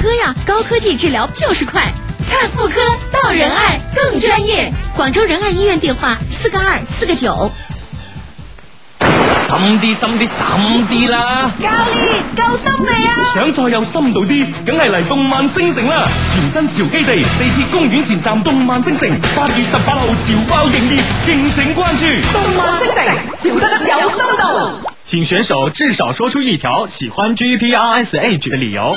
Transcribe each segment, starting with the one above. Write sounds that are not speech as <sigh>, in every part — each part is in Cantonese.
科呀，高科技治療就是快。看婦科到仁愛更專業。廣州仁愛醫院電話：四個二四個九。深啲，深啲，深啲啦！教練夠深未啊？想再有深度啲，梗係嚟動漫星城啦！全新潮基地，地鐵公園前站動漫星城，八月十八號潮爆營業，敬請關注。動漫星城潮得有深度。請選手至少說出一條喜歡 GPRSH 的理由。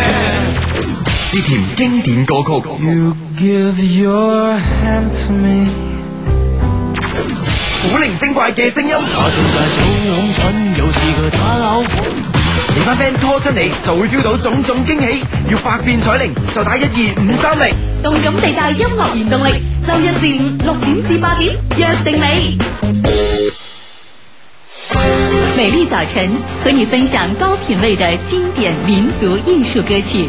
之甜經典歌曲，You give your hand to me，古靈精怪嘅聲音，我仲係小老蠢，有四個打扭，連班 friend 拖出嚟就會丟到種種驚喜，要百變彩鈴就打一二五三零，動感地帶音樂原動力，周一至五六點至八點約定你。美麗早晨和你分享高品味的經典民族藝術歌曲。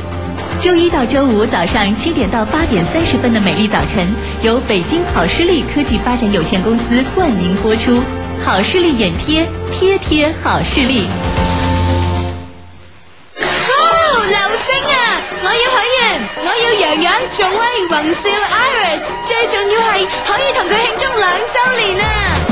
周一到周五早上七點到八點三十分的美麗早晨，由北京好視力科技發展有限公司冠名播出，好視力眼貼，貼貼好視力。哦，流星啊！我要許願，我要洋洋，仲威，黃少 Iris，最重要係可以同佢慶祝兩周年啊！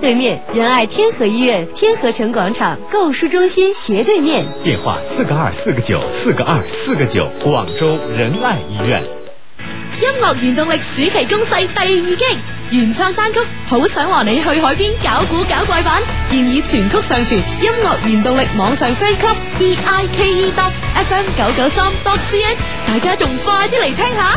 對面仁愛天河醫院天河城廣場購書中心斜對面電話四個二四個九四個二四個九廣州仁愛醫院。音樂原動力暑期攻勢第二擊原創單曲好想和你去海邊搞古搞怪版現已全曲上傳音樂原動力網上飛級 b i k e f m 九九三 dot c n 大家仲快啲嚟聽下。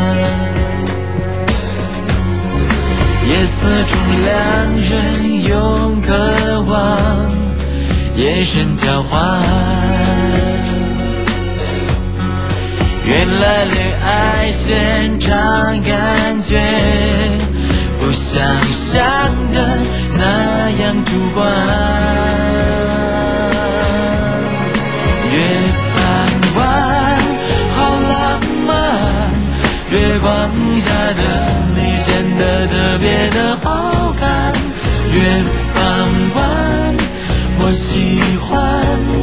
夜色中，兩人用渴望眼神交換，原來戀愛現場感覺不像想的那樣主觀。月半彎，好浪漫，月光下的你。顯得特別的好看，月半彎我喜歡。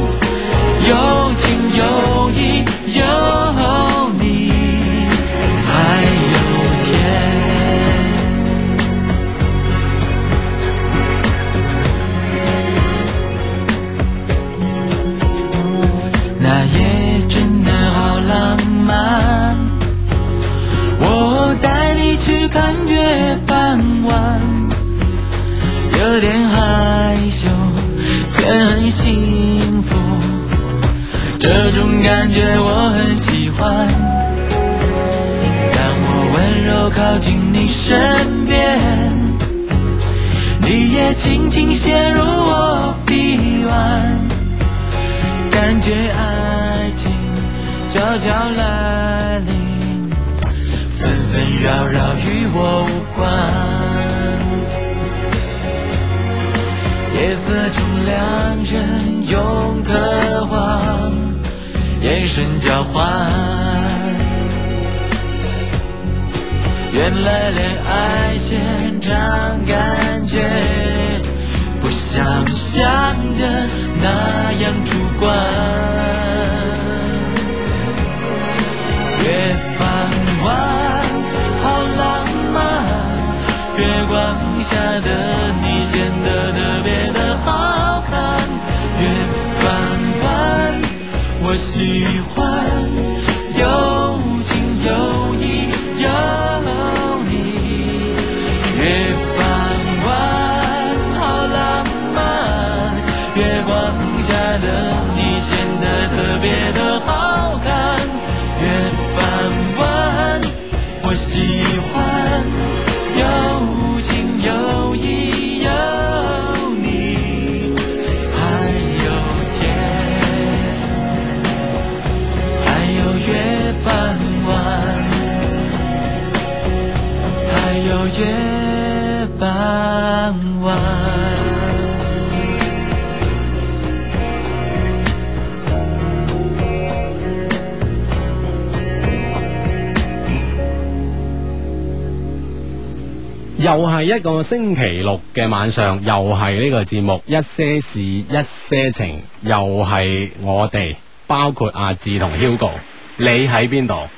星期六嘅晚上又係呢個節目，一些事，一些情，又係我哋，包括阿志同 Hugo。你喺邊度？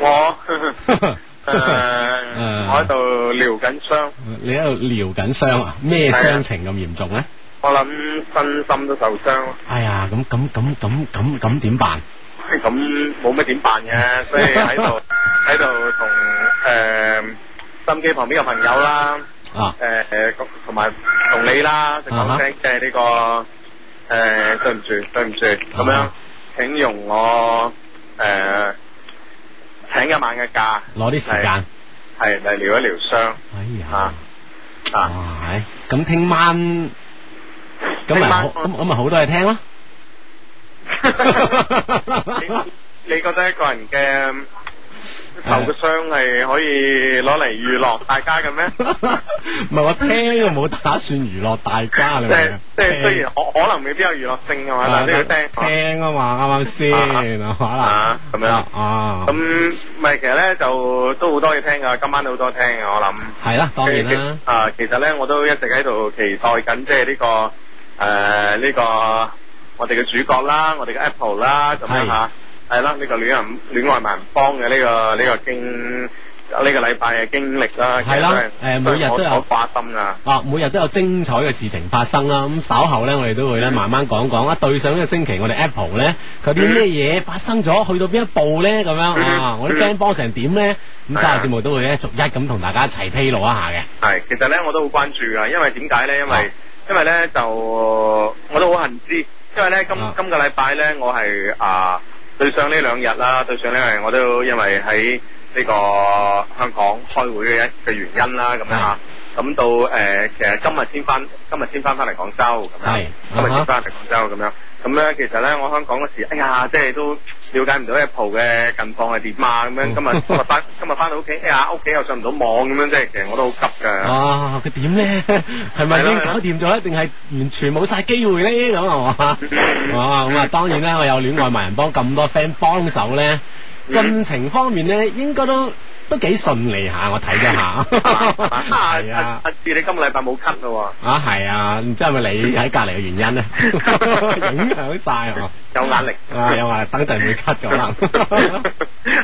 我誒，我喺度療緊傷。你喺度療緊傷啊？咩傷情咁嚴重呢？我諗身心都受傷咯。哎呀，咁咁咁咁咁咁點辦？咁冇乜點辦嘅，所以喺度喺度同誒心機旁邊嘅朋友啦。誒，同埋同你啦，就講聲即係呢個誒，對唔住，對唔住，咁樣，請容我誒，請一晚嘅假，攞啲時間係嚟療一療傷。哎呀，啊，係，咁聽晚，咁咪好，咁咪好多嘢聽咯。你覺得一個人嘅？受個傷係可以攞嚟娛樂大家嘅咩？唔係我聽又冇打算娛樂大家嚟嘅，即係雖然可可能未必有娛樂性嘅嘛，嗱係都要聽聽啊嘛，啱啱先？係嘛？咁樣啊？咁咪其實咧就都好多嘢聽噶，今晚都好多嘢聽嘅，我諗係啦，當然啊，其實咧我都一直喺度期待緊，即係呢個誒呢個我哋嘅主角啦，我哋嘅 Apple 啦，咁樣吓。係啦，呢個戀人戀愛萬幫嘅呢個呢個經呢個禮拜嘅經歷啦。係啦，誒，每日都有花心噶。啊，每日都有精彩嘅事情發生啦。咁稍後咧，我哋都會咧慢慢講講啦。對上呢個星期，我哋 Apple 咧佢啲咩嘢發生咗，去到邊一步咧？咁樣啊，我啲 friend 幫成點咧？咁三廿節目都會咧逐一咁同大家一齊披露一下嘅。係，其實咧我都好關注噶，因為點解咧？因為因為咧就我都好恨知，因為咧今今個禮拜咧我係啊。對上呢兩日啦，對上呢係我都因為喺呢個香港開會嘅一嘅原因啦，咁的樣嚇，咁到誒、呃、其實今日先翻，今日先翻翻嚟廣州，係的今日先翻翻嚟廣州咁樣。咁咧，其實咧，我香港嗰時，哎呀，即係都了解唔到 Apple 嘅近況係點啊！咁樣今日今日返，今日返 <laughs> 到屋企，哎呀，屋企又上唔到網咁樣，即係其實我都好急㗎。哦，佢點咧？係咪已經搞掂咗，一定係完全冇晒機會咧？咁係嘛？咁啊，當然啦，我有戀愛萬人幫咁多 friend 幫手咧。進程方面咧，應該都都幾順利下，我睇咗下。係啊，阿志、啊、你今個禮拜冇咳噶喎。啊，係啊，唔、啊、知係咪你喺隔籬嘅原因咧？ <laughs> 影響晒啊嘛， <laughs> 有壓力 <laughs> 啊，有話等陣會咳嘅可能。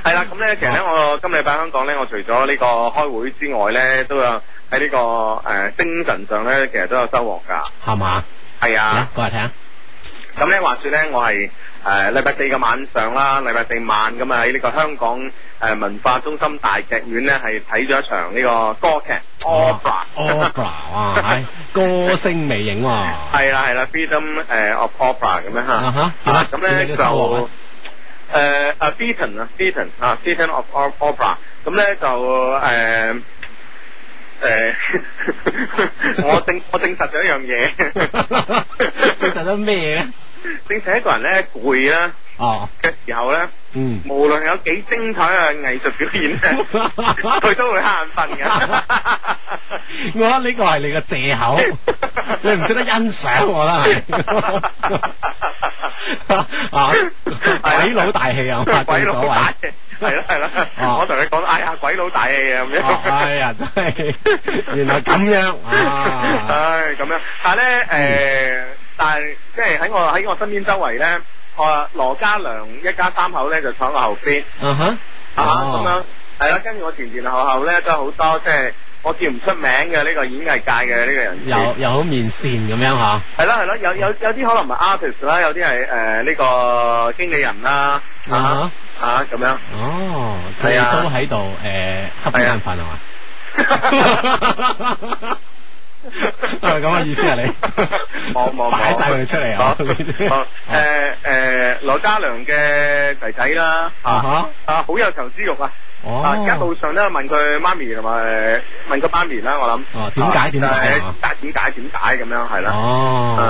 係啦，咁 <laughs> 咧、啊，嗯、其實咧，我今個禮拜香港咧，我除咗呢個開會之外咧，都有喺呢、這個誒、呃、精神上咧，其實都有收穫噶。係嘛？係啊。嚟過嚟睇下。咁咧、啊，話說咧，我係。誒禮拜四嘅晚上啦，禮拜四晚咁，喺呢個香港誒文化中心大劇院咧，係睇咗一場呢個歌劇 opera，opera 啊，係歌聲魅影喎。係啦係啦，Freedom 誒 opera 咁樣嚇。啊咁咧就誒啊 Beaton 啊 Beaton 啊 Beaton of opera，咁咧就誒誒，我證我證實咗一樣嘢。證實咗咩咧？並且一個人咧攰啦，嘅時候咧，無論有幾精彩嘅藝術表演咧，佢都會眼瞓嘅。我呢個係你嘅借口，你唔識得欣賞我啦，係。鬼佬大氣啊！鬼佬大氣，係啦係啦。我同你講哎呀鬼佬大氣啊！哎呀，真係，原來咁樣啊！唉，咁樣，但係咧，誒。 <music> 但係即係喺我喺我身邊周圍咧，我羅家良一家三口咧就坐喺我後邊。嗯哼，啊咁樣，係啦，跟住我前前後後咧都有好多，即係我叫唔出名嘅呢、這個演藝界嘅呢、這個人有。有又好面善咁樣吓？係啦係啦，有有有啲可能係 artist 啦，有啲係誒呢個經理人啦。啊吓？咁樣、uh huh. <music> 哦，佢都喺度誒食飯啊嘛。 <music> <music> <music> <music> 都係咁嘅意思哈哈 <laughs> 啊！你、啊，冇冇冇，擺晒佢出嚟啊！好誒誒，羅嘉良嘅仔仔啦，啊吓啊好有求知欲啊！啊！一路上都係問佢媽咪，同埋問佢媽咪啦，我諗。哦，點解？點解？點解？點解？咁樣係啦。哦。啊，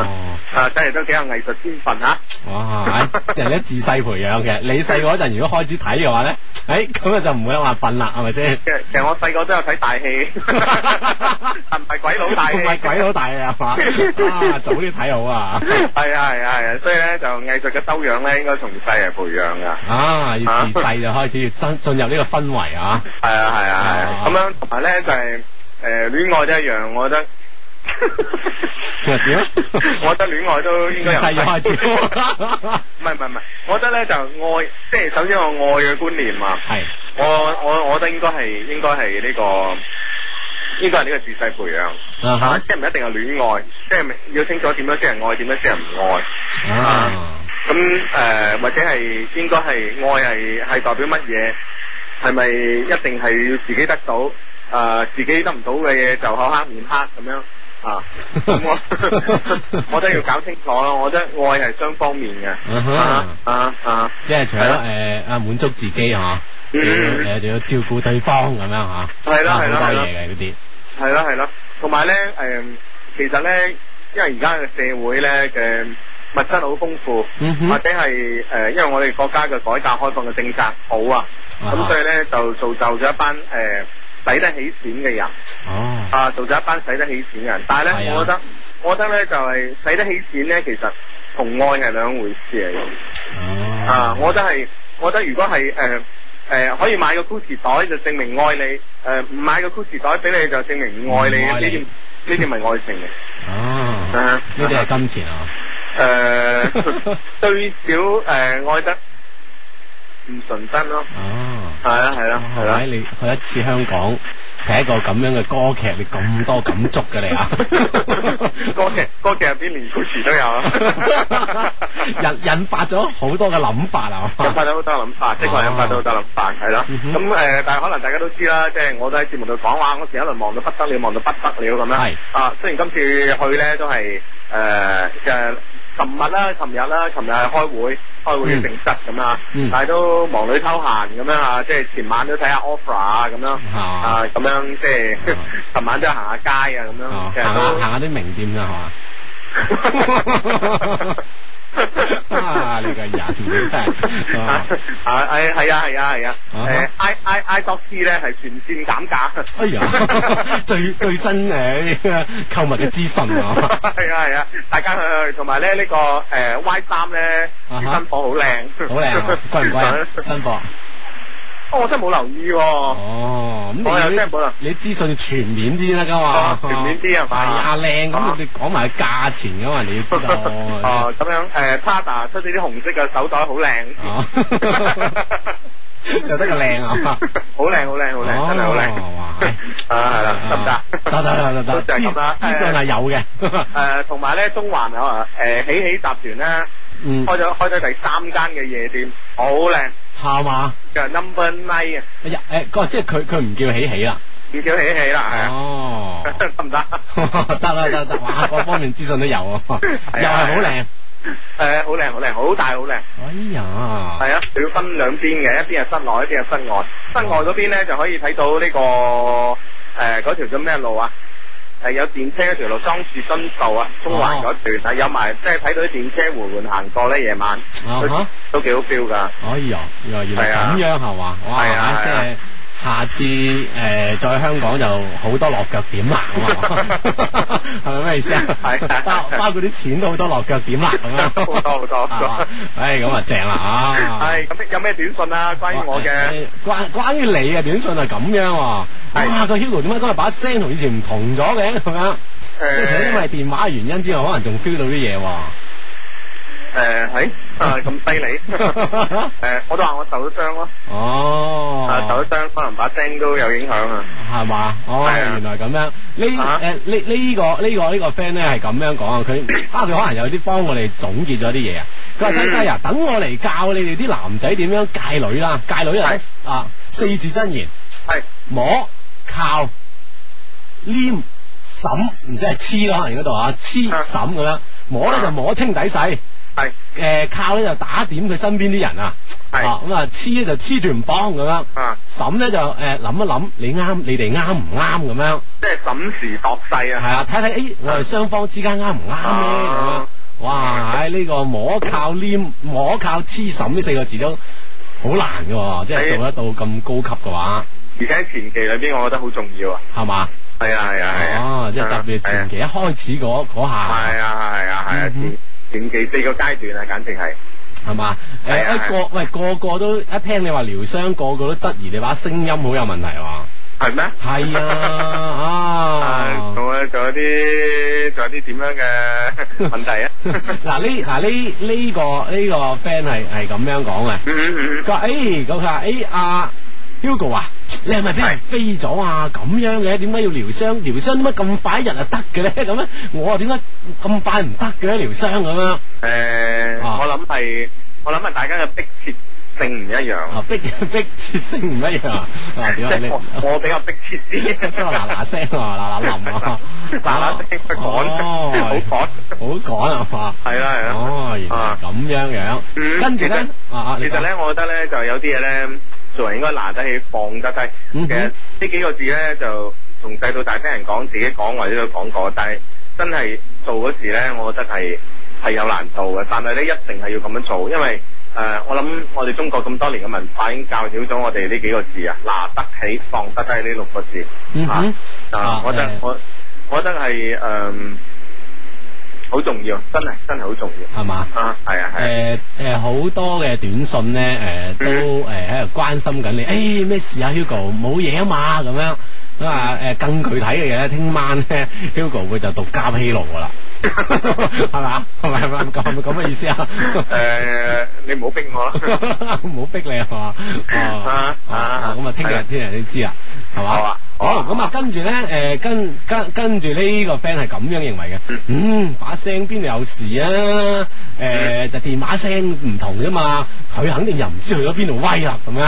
啊真係都幾有藝術天分啊。哇，即係咧自細培養嘅。你細個嗰陣如果開始睇嘅話咧，誒咁啊就唔會話笨啦，係咪先？其實我細個都有睇大戲，唔係鬼佬大戲，唔係鬼佬大戲啊嘛。早啲睇好啊。係啊係啊係啊，所以咧就藝術嘅修養咧應該從細嚟培養噶。啊，要自細就開始要真進入呢個分氛啊，係啊係啊係，咁、啊、樣同埋咧就係誒戀愛都一樣，我覺得， <laughs> <laughs> 我覺得戀愛都應該由細開始。唔係唔係唔係，我覺得咧就愛，即、就、係、是、首先我愛嘅觀念啊，係是，我我我覺得應該係應該係呢個，呢個係呢個自細培養，即係唔一定係戀愛，即、就、係、是、要清楚點樣先係愛，點樣先係唔愛，啊、uh，咁、huh。誒、呃、或者係應該係愛係係代表乜嘢？係咪一定係要自己得到？誒、呃，自己得唔到嘅嘢就口黑面黑咁樣啊？咁、嗯 <laughs> 嗯、我我都要搞清楚咯。我覺得愛係雙方面嘅，啊啊，啊即係除咗誒啊滿足自己嚇，誒、啊、仲、嗯、要，要照顧對方咁樣嚇，係啦係啦係啲。係啦係啦。同埋咧誒，其實咧，因為而家嘅社會咧嘅、呃、物質好豐富，或者係誒、呃，因為我哋國家嘅改革開放嘅政策好啊。咁所以咧就造就咗一班誒使、呃、得起錢嘅人哦，啊造就咗、啊、一班使得起錢嘅人，但係咧、啊、我覺得我覺得咧就係、是、使得起錢咧其實同愛係兩回事嚟嘅，啊，我覺得係，我覺得如果係誒誒可以買個 Gucci 袋就證明愛你，誒、呃、唔買個 Gucci 袋俾你就證明唔愛你，呢啲呢啲唔係愛情嘅哦，呢啲係金錢啊，啊，誒、啊呃、最少誒、呃、愛得。唔純真咯，係啊、哦，係啦，係啦！哦、的你去一次香港，睇一個咁樣嘅歌劇，你咁多感觸嘅你啊！歌劇歌劇入邊連歌詞都有，引 <laughs> <laughs> 引發咗好多嘅諗法,法啊！引發咗好多諗法，的確引發咗好多發諗法，係啦、嗯哼。咁誒，但係可能大家都知啦，即、就、係、是、我都喺節目度講話嗰時，一輪忙到不得了，忙到不得了咁樣。係的啊，雖然今次去咧都係誒嘅，琴、呃呃、日啦，琴日啦，琴日係開會。開會嘅性質咁啊，嗯、但係都忙裏偷閒咁樣啊，即係前晚都睇下 Opera 啊咁樣啊，咁樣即係琴晚都行下街啊咁樣，行下行下啲名店啦嚇。啊 <laughs> <laughs> <laughs> 啊！你個人真係啊！係係啊係啊係啊！誒，i i i dots 咧係全線減價。啊啊啊、哎呀，最最新誒購物嘅資訊啊！係啊係啊，啊，啊，大家去去同埋咧呢個誒 Y 三咧新貨好靚，好靚啊！貴唔貴？新貨。我真係冇留意喎。哦，咁我有你你資訊全面啲得噶嘛？全面啲啊。嘛？係啊，靚咁，你講埋價錢噶嘛，你要知道。哦，咁樣誒 Panda 出咗啲紅色嘅手袋，好靚。就得個靚啊，好靚，好靚，好靚，真係好靚。啊，係啦，得唔得？得得得得得，資訊資訊係有嘅。誒，同埋咧，中環啊，誒喜喜集團咧，開咗開咗第三間嘅夜店，好靚。係嘛？就 number nine 啊！哎呀，誒，哥，即係佢，佢唔叫喜喜啦，唔叫喜喜啦，係啊？哦，得唔得？得啦，得啦，各方面資訊都有啊，又係好靚，誒，好靚，好靚，好大，好靚。哎呀，係啊，佢要分兩邊嘅，一邊係室內，一邊係室外。室外嗰邊咧，就可以睇到呢個誒嗰條叫咩路啊？係有電車一條路裝樹蔭道啊，中環嗰段啊，oh. 有埋即係睇到啲電車緩緩行過咧夜晚，oh. 都都幾好 feel 噶，㗎、oh，哎。哦、哎，原來原來咁樣係嘛，啊，哇！即係。下次誒再、呃、香港就好多落腳點啊，係咪咩意思啊？包 <laughs> <laughs> 包括啲錢都好多落腳點啦，咁啊， <laughs> 好多。好多。誒咁啊正啦啊！係咁、 <laughs> 哎，有咩短信啊？關於我嘅、哎哎、關關於你嘅、啊、短信係咁樣。係啊，哇 <laughs> 哇個 Hugo 點解今日把聲同以前唔同咗嘅？咁樣？即係 <laughs> <laughs> 除咗因為電話嘅原因之外，可能仲 feel 到啲嘢喎。誒，喺啊，咁犀利誒，我都話我受咗傷咯。哦，啊，受咗傷可能把聲都有影響啊。係嘛？哦，原來咁樣呢？誒，呢呢個呢個呢個 friend 咧係咁樣講啊。佢啊，佢可能有啲幫我哋總結咗啲嘢啊。佢話，依家呀，等我嚟教你哋啲男仔點樣戒女啦。戒女啊，啊四字真言係摸靠黏審，唔知係黐咯，可能嗰度啊，黐審咁樣，摸咧就摸清底細。係，誒靠，咧就打點佢身邊啲人啊，哦咁啊黐，咧就黐住唔放咁樣，審，咧就誒諗一諗，你啱你哋啱唔啱咁樣，即係審時度勢啊，係啦，睇睇誒我哋雙方之間啱唔啱啊，哇，喺呢個摸靠黏摸靠黐審呢四個字都好難噶，即係做得到咁高級嘅話，而家前期裏邊我覺得好重要啊，係嘛？係啊係啊，哦即係特別前期一開始嗰下，係啊係啊係。點幾四個階段啊，簡直係係嘛？誒，個喂個個都一聽你話療傷，個個都質疑你話聲音好有問題哇？係咩？係啊，啊！啊，仲有仲有啲仲有啲點樣嘅問題啊？嗱呢嗱呢呢個呢個 friend 係係咁樣講嘅，佢話誒，咁佢話 A R。Hugo 啊，你係咪俾人飛咗啊？咁樣嘅，點解要療傷？療傷點解咁快人日啊得嘅咧？咁咧，我啊點解咁快唔得嘅咧？療傷咁樣？誒，我諗係我諗係大家嘅迫切性唔一樣啊！迫迫切性唔一樣啊！點啊？你我比較迫切啲，嗱嗱聲啊，嗱嗱臨啊，嗱嗱聲趕，好趕好趕啊嘛！係啦係啦，哦，原來咁樣樣，跟住咧啊其實咧，我覺得咧，就有啲嘢咧。做人應該拿得起放得低，嗯、哼其實呢幾個字呢，就從細到大聽人講、自己講或者都講過，但係真係做嗰時咧，我覺得係係有難度嘅。但係呢，一定係要咁樣做，因為誒、呃，我諗我哋中國咁多年嘅文化已經教曉咗我哋呢幾個字啊，拿得起放得低呢六個字嚇。嗯、哼啊，我覺得我我覺得係誒。嗯，我我覺得好重要，真係真係好重要，係嘛吧？啊，係啊，係、啊。誒誒、啊，好、呃呃、多嘅短信咧，誒、呃、都誒喺度關心緊你，誒、哎、咩事啊？Hugo，冇嘢啊嘛，咁樣。咁啊，誒，更具體嘅嘢咧，聽晚咧，Hugo 會就獨家披露噶啦，係 <laughs> 嘛？係咪係咪咁咁嘅意思啊？誒、 <laughs> 呃，你唔好逼我啦，唔好 <laughs> 逼你，係嘛唉？啊咁啊，聽日聽日你知啊，係嘛的？的好啊，好、嗯，咁啊、呃，跟住咧，誒，跟跟跟住呢個 friend 係咁樣認為嘅，嗯，把聲邊度有事啊？誒、嗯，就電話聲唔同啫嘛，佢肯定又唔知去咗邊度威啦，咁樣，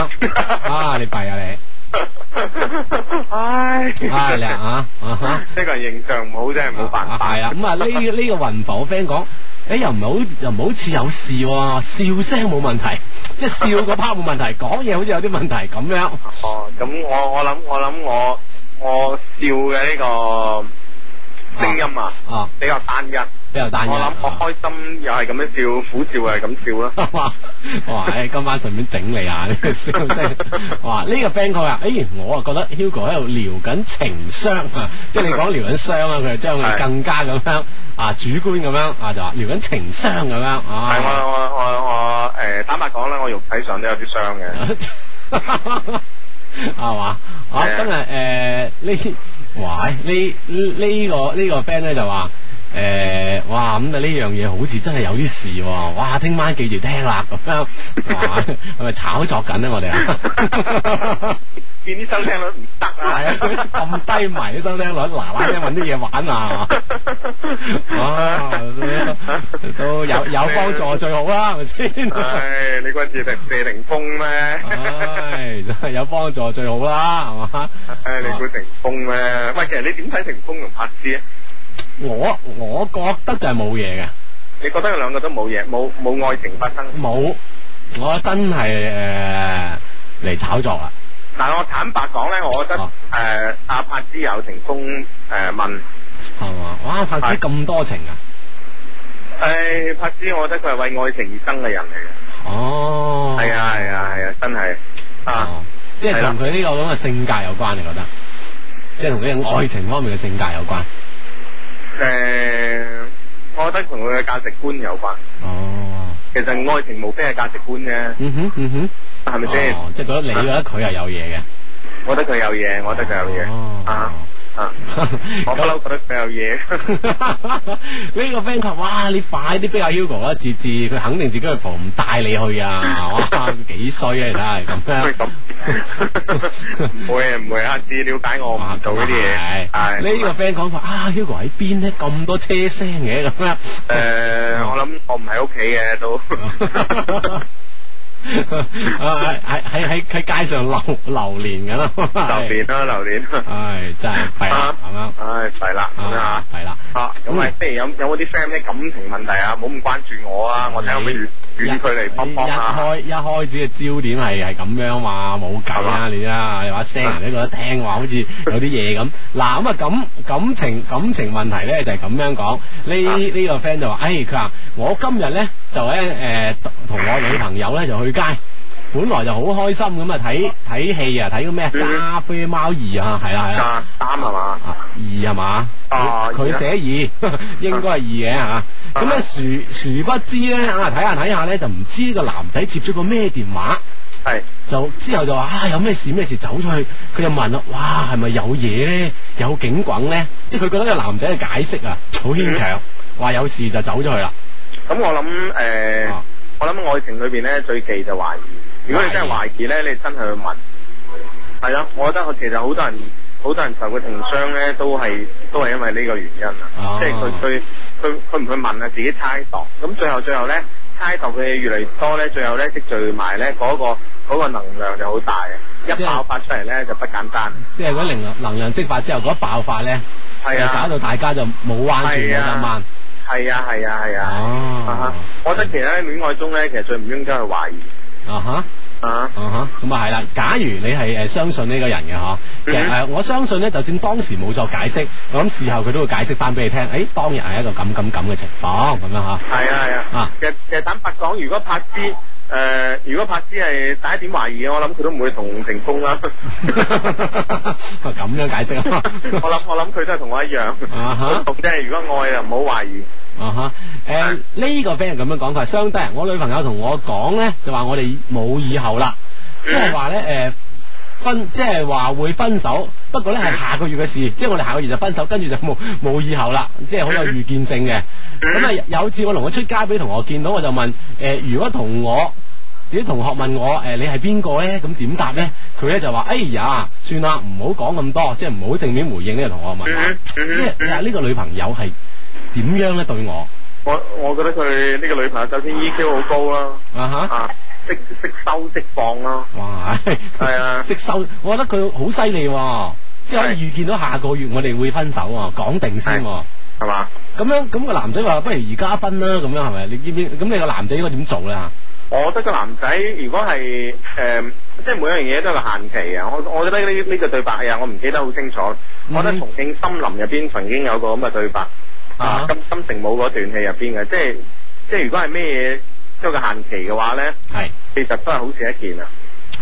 啊， <laughs> 啊你弊啊你！ <laughs> 唉，係啦吓，呢個人形象唔好、啊、真係冇辦法。係啊，咁啊呢呢、 <laughs> 嗯這個這個雲浮，我 friend 講，誒又唔好又唔好似有事喎、啊，笑聲冇問題，即係笑嗰 part 冇問題，講嘢 <laughs> 好似有啲問題咁樣。哦，咁我我諗我諗我我笑嘅呢、這個。聲音啊，啊，比較單一，比較單一。我諗我開心又係咁樣笑，苦笑又係咁笑啦。咯。我哇，誒，今晚順便整你下呢個笑聲。哇，呢、這個 friend 佢話，誒，我啊覺得 Hugo 喺度撩緊情商啊，即係你講撩緊傷啊，佢就將佢更加咁樣啊主觀咁樣啊，就話撩緊情商咁樣。係、啊、我我我我誒，坦白講咧，我肉體上都有啲傷嘅。 <laughs> 係嘛？啊，今日誒呢位，呢呢個呢個 friend 咧就話。誒、欸，哇，咁啊呢樣嘢好似真係有啲事喎，哇，聽晚記住聽啦，咁樣哇，係咪炒作緊咧？我哋啊，見啲收聽率唔得啊，咁 <laughs> 低迷啲收聽率，嗱嗱聲揾啲嘢玩啊， <laughs> 啊，都，都，都，都，都有有幫助最好啦，係咪先？你嗰次係謝霆鋒咩？係，有幫助最好啦，係嘛？誒、 <laughs> 哎，你估霆鋒咩？喂，其實你點睇霆鋒同柏芝咧？我我覺得就係冇嘢嘅，你覺得佢兩個都冇嘢，冇冇愛情發生？冇，我真係誒嚟炒作啦。但係我坦白講咧，我覺得誒阿柏芝有成功誒問，係嘛？哇柏芝咁多情啊！誒柏芝，我覺得佢係為愛情而生嘅人嚟嘅。哦，係啊係啊係啊，真係啊，即係同佢呢個咁嘅性格有關，你覺得？即係同佢愛情方面嘅性格有關。誒、呃，我覺得同佢嘅價值觀有關。哦，其實愛情無非係價值觀啫。嗯哼，嗯哼，係咪先？即係覺得你覺得佢係有嘢嘅，啊。我覺得佢有嘢，我覺得佢有嘢。哦、啊。啊！ <laughs> 我不嬲覺得佢有嘢。呢個 friend 佢話，哇！你快啲俾阿 Hugo 啦，治治佢肯定自己個婆唔帶你去啊！哇，幾衰啊，你睇下係咁樣。 <laughs> 會唔 <laughs> 會啊？治了解我唔到呢啲嘢。係呢、啊、是 <laughs> 個 friend 講佢：「啊，Hugo 喺邊呢？咁多車聲嘅咁樣。誒、 <laughs> 呃，我諗我唔喺屋企嘅都。 <laughs> 喺喺喺喺街上流流連咁啦，流連啦流連，唉，真係係啊啱啱，係啦啊係啦啊，咁咪即係有有嗰啲 friend 咧感情問題啊，冇咁關注我啊，我睇下俾遠距離幫幫。一開一開始嘅焦點係係咁樣嘛，冇計啊你啊，話聲人都覺得聽話好似有啲嘢咁。嗱咁啊感感情感情問題咧就係咁樣講，呢呢個 friend 就話，誒佢話我今日咧。就咧誒，同我女朋友咧就去街，本來就好開心咁啊睇睇戲啊，睇個咩《加菲貓二》啊，係啦係啦，擔係嘛，二係嘛，佢寫二應該係二嘅嚇。咁咧，殊殊不知咧啊，睇下睇下咧就唔知個男仔接咗個咩電話，係的就之後就話啊有咩事咩事走咗去，佢就問啦，啊，哇係咪有嘢咧？有景轟咧？即係佢覺得個男仔嘅解釋啊好牽強，話有事就走咗去啦。嗯咁我諗誒，我諗愛情裏邊咧最忌就懷疑。如果你真係懷疑咧，你真係去問。係啦，我覺得其實好多人好多人受嘅情傷咧，都係都係因為呢個原因啊。即係佢佢佢佢唔去問啊，自己猜度。咁最後最後咧，猜度嘅嘢越嚟越多咧，最後咧積聚埋咧，嗰個嗰個能量就好大。啊。一爆發出嚟咧，就不簡單。即係嗰能能量激發之後，嗰一爆發咧，就搞到大家就冇彎轉冇係啊係啊係啊！哦、啊，啊啊、我覺得其實喺戀愛中咧，其實最唔應該去懷疑。啊哈啊啊哈！咁啊係啦、啊，假如你係誒相，相信呢個人嘅呵，誒我相信咧，就算當時冇作解釋，咁事後佢都會解釋翻俾你聽。誒、哎，當日係一個咁咁咁嘅情況咁樣啊。係啊係啊，啊其實其實坦白講，如果拍啲。誒、呃，如果柏芝係大家點懷疑嘅，我諗佢都唔會同霆鋒啦。咁 <laughs> <laughs> 樣解釋啊 <laughs> ？我諗我諗佢都係同我一樣。啊哈、uh！即、huh. 係如果愛就唔好懷疑。啊哈！誒，呢個 friend 係咁樣講，佢係相低我女朋友同我講咧，就話我哋冇以後啦，即係話咧，誒、 <laughs> 呃。分即係話會分手，不過呢係下個月嘅事，即係我哋下個月就分手，跟住就冇冇以後啦，即係好有預見性嘅。咁啊、嗯，有次我同我出街，俾同學見到，我就問：誒、呃，如果同我啲同學問我：誒、呃，你係邊個呢？咁點答呢？呢」佢呢就話：哎呀，算啦，唔好講咁多，即係唔好正面回應呢個同學問。呢、嗯嗯嗯、個女朋友係點樣呢對我？我我覺得佢呢個女朋友首先 EQ 好高啦、啊。啊哈、uh。Huh. 識識收識放咯、啊啊，哇係，啊，識收，我覺得佢好犀利，即係可以預見到下個月我哋會分手啊，講定先，係嘛？咁樣咁個男仔話不如而家分啦，咁樣係咪？你知唔知？咁你個男仔應該點做咧？我覺得個男仔如果係誒，即係每一樣嘢都係限期啊！我我覺得呢呢個對白啊，我唔記得好清楚。我覺得重慶森林入邊曾經有個咁嘅對白啊，金金城武嗰段戲入邊嘅，即係即係如果係咩嘢？即個限期嘅話咧，係是其實都係好似一件啊，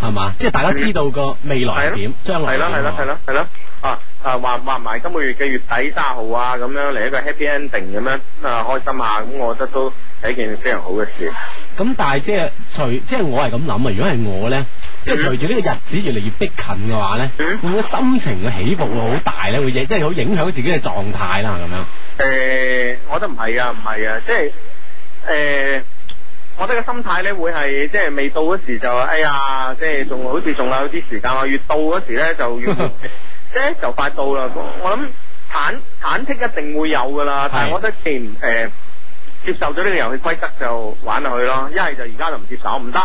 係嘛？即係大家知道個未來點，將的來係咯係咯係咯係咯，啊啊話話埋今個月嘅月底三號啊，咁樣嚟一個 happy ending 咁樣啊開心下，咁我覺得都係一件非常好嘅事。咁但係即係隨即係我係咁諗啊，如果係我咧，即係隨住呢個日子越嚟越逼近嘅話咧，會唔會心情嘅起伏會好大咧，會即影即係好影響自己嘅狀態啦。咁樣誒，我覺得唔係啊，唔係啊，即係誒。嗯我覺得個心態咧會係即係未到嗰時就哎呀，即係仲好似仲有啲時間啊，越到嗰時咧就越即係就快到啦。我諗忐忑一定會有噶啦，但係我覺得既然誒接受咗呢個遊戲規則，就玩落去咯。一係就而家就唔接受唔得，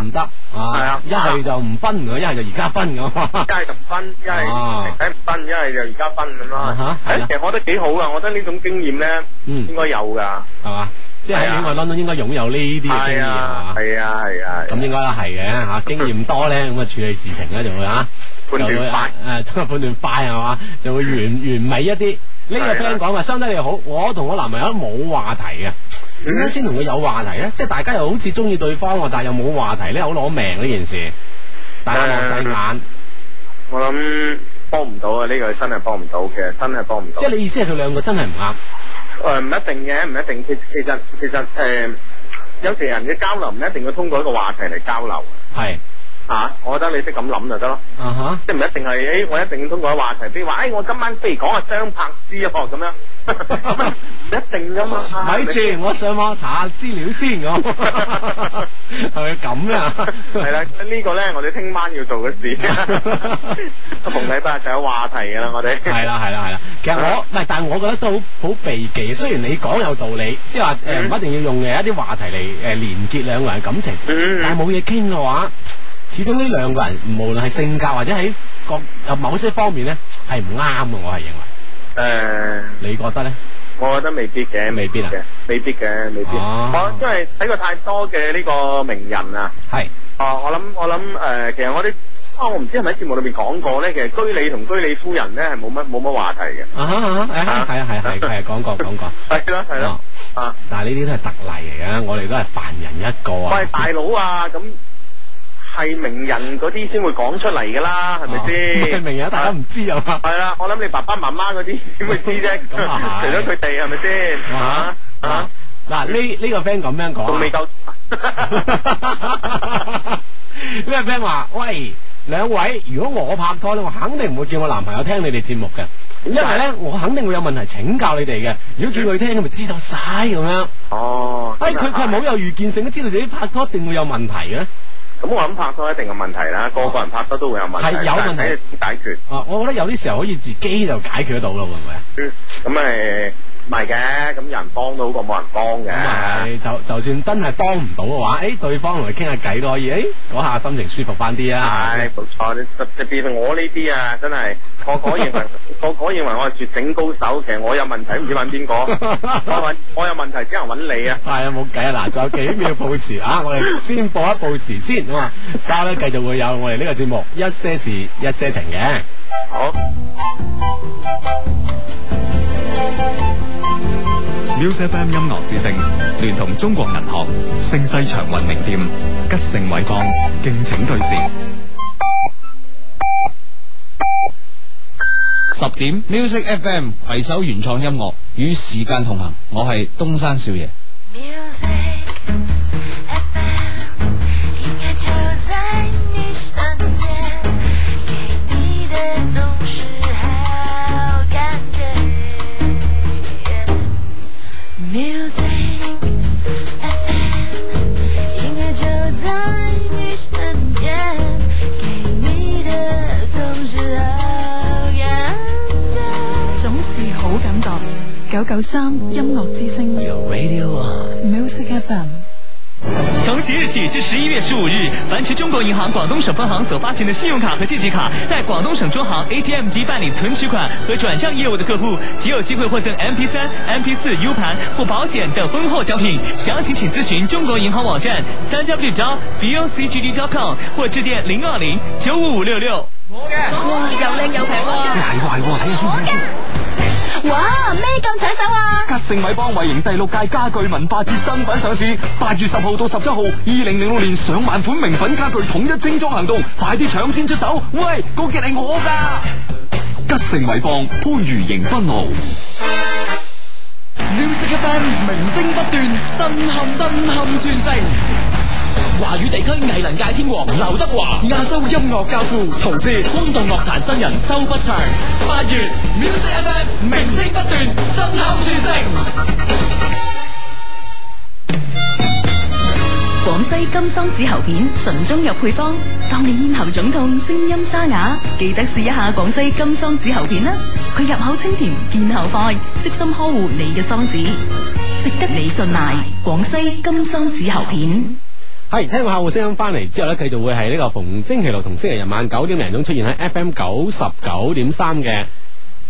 唔得啊！係啊，一係就唔分咁，一係就而家分咁。一係唔分，一係就唔分，一係就而家分咁咯。吓，其實我覺得幾好噶，我覺得呢種經驗咧，應該有噶，係嘛？即係喺戀愛當中應該擁有呢啲嘅經驗係嘛？係啊係啊，咁應該都係嘅吓，經驗多咧，咁啊處理事情咧就會吓判斷快誒，判斷快係嘛，就會完完美一啲。呢個 friend 講話相對你好，我同我男朋友都冇話題嘅，點解先同佢有話題咧？即係大家又好似中意對方，但係又冇話題咧，好攞命嗰件事，大家望晒眼。我諗幫唔到啊，呢個真係幫唔到嘅，真係幫唔到。即係你意思係佢兩個真係唔啱？誒，唔一定嘅，唔一定。其其實，其實誒有時人嘅交流唔一定要通過一個話題嚟交流。係吓是、啊，我覺得你識咁諗就得咯。啊嚇、uh，huh. 即係唔一定係誒、哎、我一定要通過一個話題，譬如話誒我今晚不如講下張柏芝啊，咁樣。唔 <laughs> 一定噶、啊、嘛，咪住點，理我上網查下資料先。我係咪咁樣、啊，係啦， <laughs> 這個、呢個咧，我哋聽晚要做嘅事，逢禮拜就有話題噶啦。我哋係啦，係啦，係啦。其實我唔係，但係我覺得都好好避忌。雖然你講有道理，即係話誒，唔一定要用嘅一啲話題嚟誒，連結兩個人嘅感情，嗯、但係冇嘢傾嘅話，始終呢兩個人無論係性格或者喺各有某些方面咧，係唔啱嘅。我係認為。誒，uh, 你覺得咧？我覺得未必嘅，未必啊，未必嘅，未必。我真、oh. 因為睇過太多嘅呢個名人啊。係。哦、uh，我諗我諗誒，其實我啲啊，我唔知係咪喺節目裏面講過咧。其實居里同居里夫人咧係冇乜冇乜話題嘅。啊啊、uh huh, uh huh, 啊！係啊係啊係啊，講過講過。係咯係咯。啊，uh huh. 但係呢啲都係特例嚟㗎，我哋都係凡人一個啊。喂，大佬啊，咁。係名人嗰啲先會講出嚟噶啦，係咪先？係名人大家唔知啊嘛。係啦，我諗你爸爸媽媽嗰啲點會知啫？除咗佢哋係咪先？啊嗱，呢呢個 friend 咁樣講，未夠。呢個 friend 話：喂，兩位，如果我拍拖咧，我肯定唔會叫我男朋友聽你哋節目嘅，因為咧，我肯定會有問題，請教你哋嘅。如果叫佢聽，佢咪知道晒咁樣。哦。哎，佢係冇有預見性，知道自己拍拖一定會有問題嘅。都諗拍拖一定嘅問題啦，個個人拍拖都會有問題，係有問題解決。啊，我覺得有啲時候可以自己就解決得到咯，會唔會啊？嗯，咁、嗯、誒。唔係嘅，咁有人幫都好過冇人幫嘅。咁啊係，就就算真係幫唔到嘅話，誒，對方同佢傾下偈都可以，誒，嗰下心情舒服翻啲啊。係，冇錯。特特別係我呢啲啊，真係，我我認為，我我認為我係絕頂高手。其實我有問題唔知搵邊個，我搵我有問題只能搵你啊。係啊，冇計啊，嗱，仲有幾秒報時啊，我哋先報一報時先咁啊，稍咧，繼續會有我哋呢個節目一些事一些情嘅。好。Music FM 音樂之聲，聯同中國銀行盛世長雲名店吉盛偉邦，敬請對視。十點 Music FM 攜手原創音樂與時間同行，我係東山少爺。總是好感覺。九九三音樂之聲，Music FM。從即日起至十一月十五日，凡持中國銀行廣東省分行所發行的信用卡和借記卡，在廣東省中行 ATM 機辦理存取款和轉賬業務的客戶，即有機會獲贈 MP 三、MP 四 U 盤或保險等豐厚獎品。詳情請諮詢中國銀行網站 www.bocgg.com 或致電零二零九五五六六。我嘅又靚又平喎！係喎係喎，睇下先。哇，咩咁搶手啊？吉盛偉邦為迎第六屆家具文化節新品上市，八月十號到十一號，二零零六年上萬款名品家具統一精裝行動，快啲搶先出手！喂，個件係我噶。吉盛偉邦番禺迎賓路。Music FM 名聲不斷，震撼震撼全城。華語地區藝能界天王劉德華，亞洲音樂教父陶喆，空洞樂壇新人周筆暢。八月，music FM，明星不斷，震撼全城。廣西金桑子喉片，純中藥配方，當你咽喉腫痛、聲音沙啞，記得試一下廣西金桑子喉片啊。佢入口清甜，見喉快，悉心呵護你嘅桑子，值得你信賴。廣西金桑子喉片。係、hey, 聽下我聲音翻嚟之後呢，繼續會係呢個逢星期六同星期日晚九點零鐘出現喺 FM 九十九點三嘅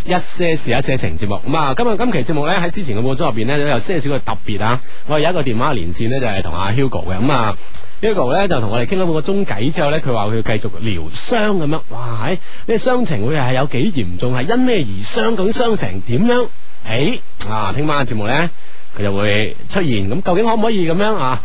一些事一些情節目。咁、嗯、啊，今日今期節目呢，喺之前嘅半鐘入邊呢，有些少個特別啊。我有一個電話連線呢，就係、是、同阿 Hugo 嘅。咁、嗯、啊，Hugo 呢，就同我哋傾咗半個鐘偈之後呢，佢話佢繼續療傷咁樣。哇，呢咩傷情會係有幾嚴重？係因咩而傷？咁傷成點樣？誒、欸，啊，聽晚嘅節目呢，佢就會出現咁，究竟可唔可以咁樣啊？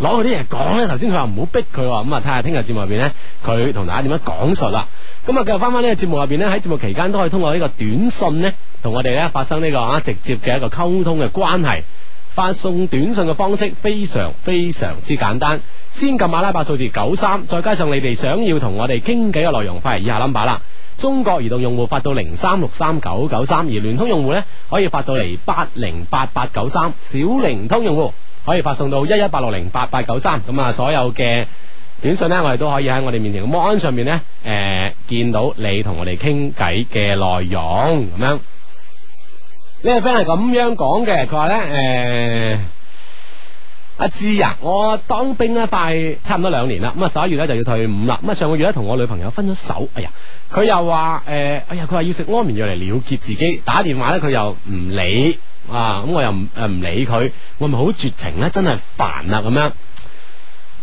攞佢啲嘢講咧。頭先佢話唔好逼佢，咁啊睇下聽日節目入邊呢，佢同大家點樣講述啦。咁啊，繼續翻翻呢個節目入邊呢，喺節目期間都可以通過呢個短信呢，同我哋呢發生呢個啊直接嘅一個溝通嘅關係。發送短信嘅方式非常非常之簡單，先撳阿拉伯數字九三，再加上你哋想要同我哋傾偈嘅內容，快嚟以下 number 啦。中國移動用戶發到0363993，而聯通用戶呢可以發到嚟808893，小靈通用戶可以發送到118608893。咁啊，所有嘅短信呢，我哋都可以喺我哋面前嘅芒上面呢，阿志啊，我當兵呢，快差唔多兩年啦，咁啊十一月咧就要退伍啦。咁啊上個月咧同我女朋友分咗手，哎呀，佢又話誒、呃，哎呀佢話要食安眠藥嚟了結自己，打電話咧佢又唔理啊，咁我又唔誒唔理佢，我咪好絕情咧？真係煩啦咁樣。誒、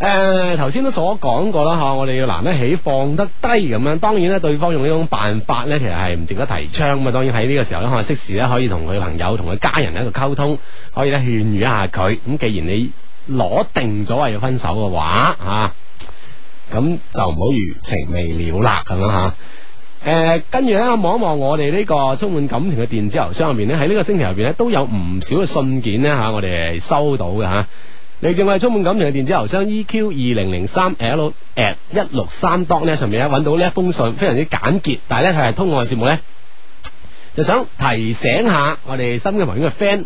呃，頭先都所講過啦，嗬、啊，我哋要拿得起放得低咁樣。當然咧，對方用呢種辦法咧，其實係唔值得提倡。咁啊，當然喺呢個時候咧，可能適時咧可以同佢朋友、同佢家人一個溝通，可以咧勸喻一下佢。咁既然你。攞定咗話要分手嘅話，吓咁就唔好餘情未了啦，咁啦吓。誒，跟住咧，望一望我哋呢個充滿感情嘅電子郵箱入面咧，喺呢個星期入邊咧都有唔少嘅信件咧吓，我哋收到嘅吓。你正係充滿感情嘅電子郵箱 E Q 二零零三 L at 一六三 dot 咧，上面咧搵到呢一封信，非常之簡潔，但係咧佢係通過節目咧就想提醒下我哋新嘅朋友嘅 friend，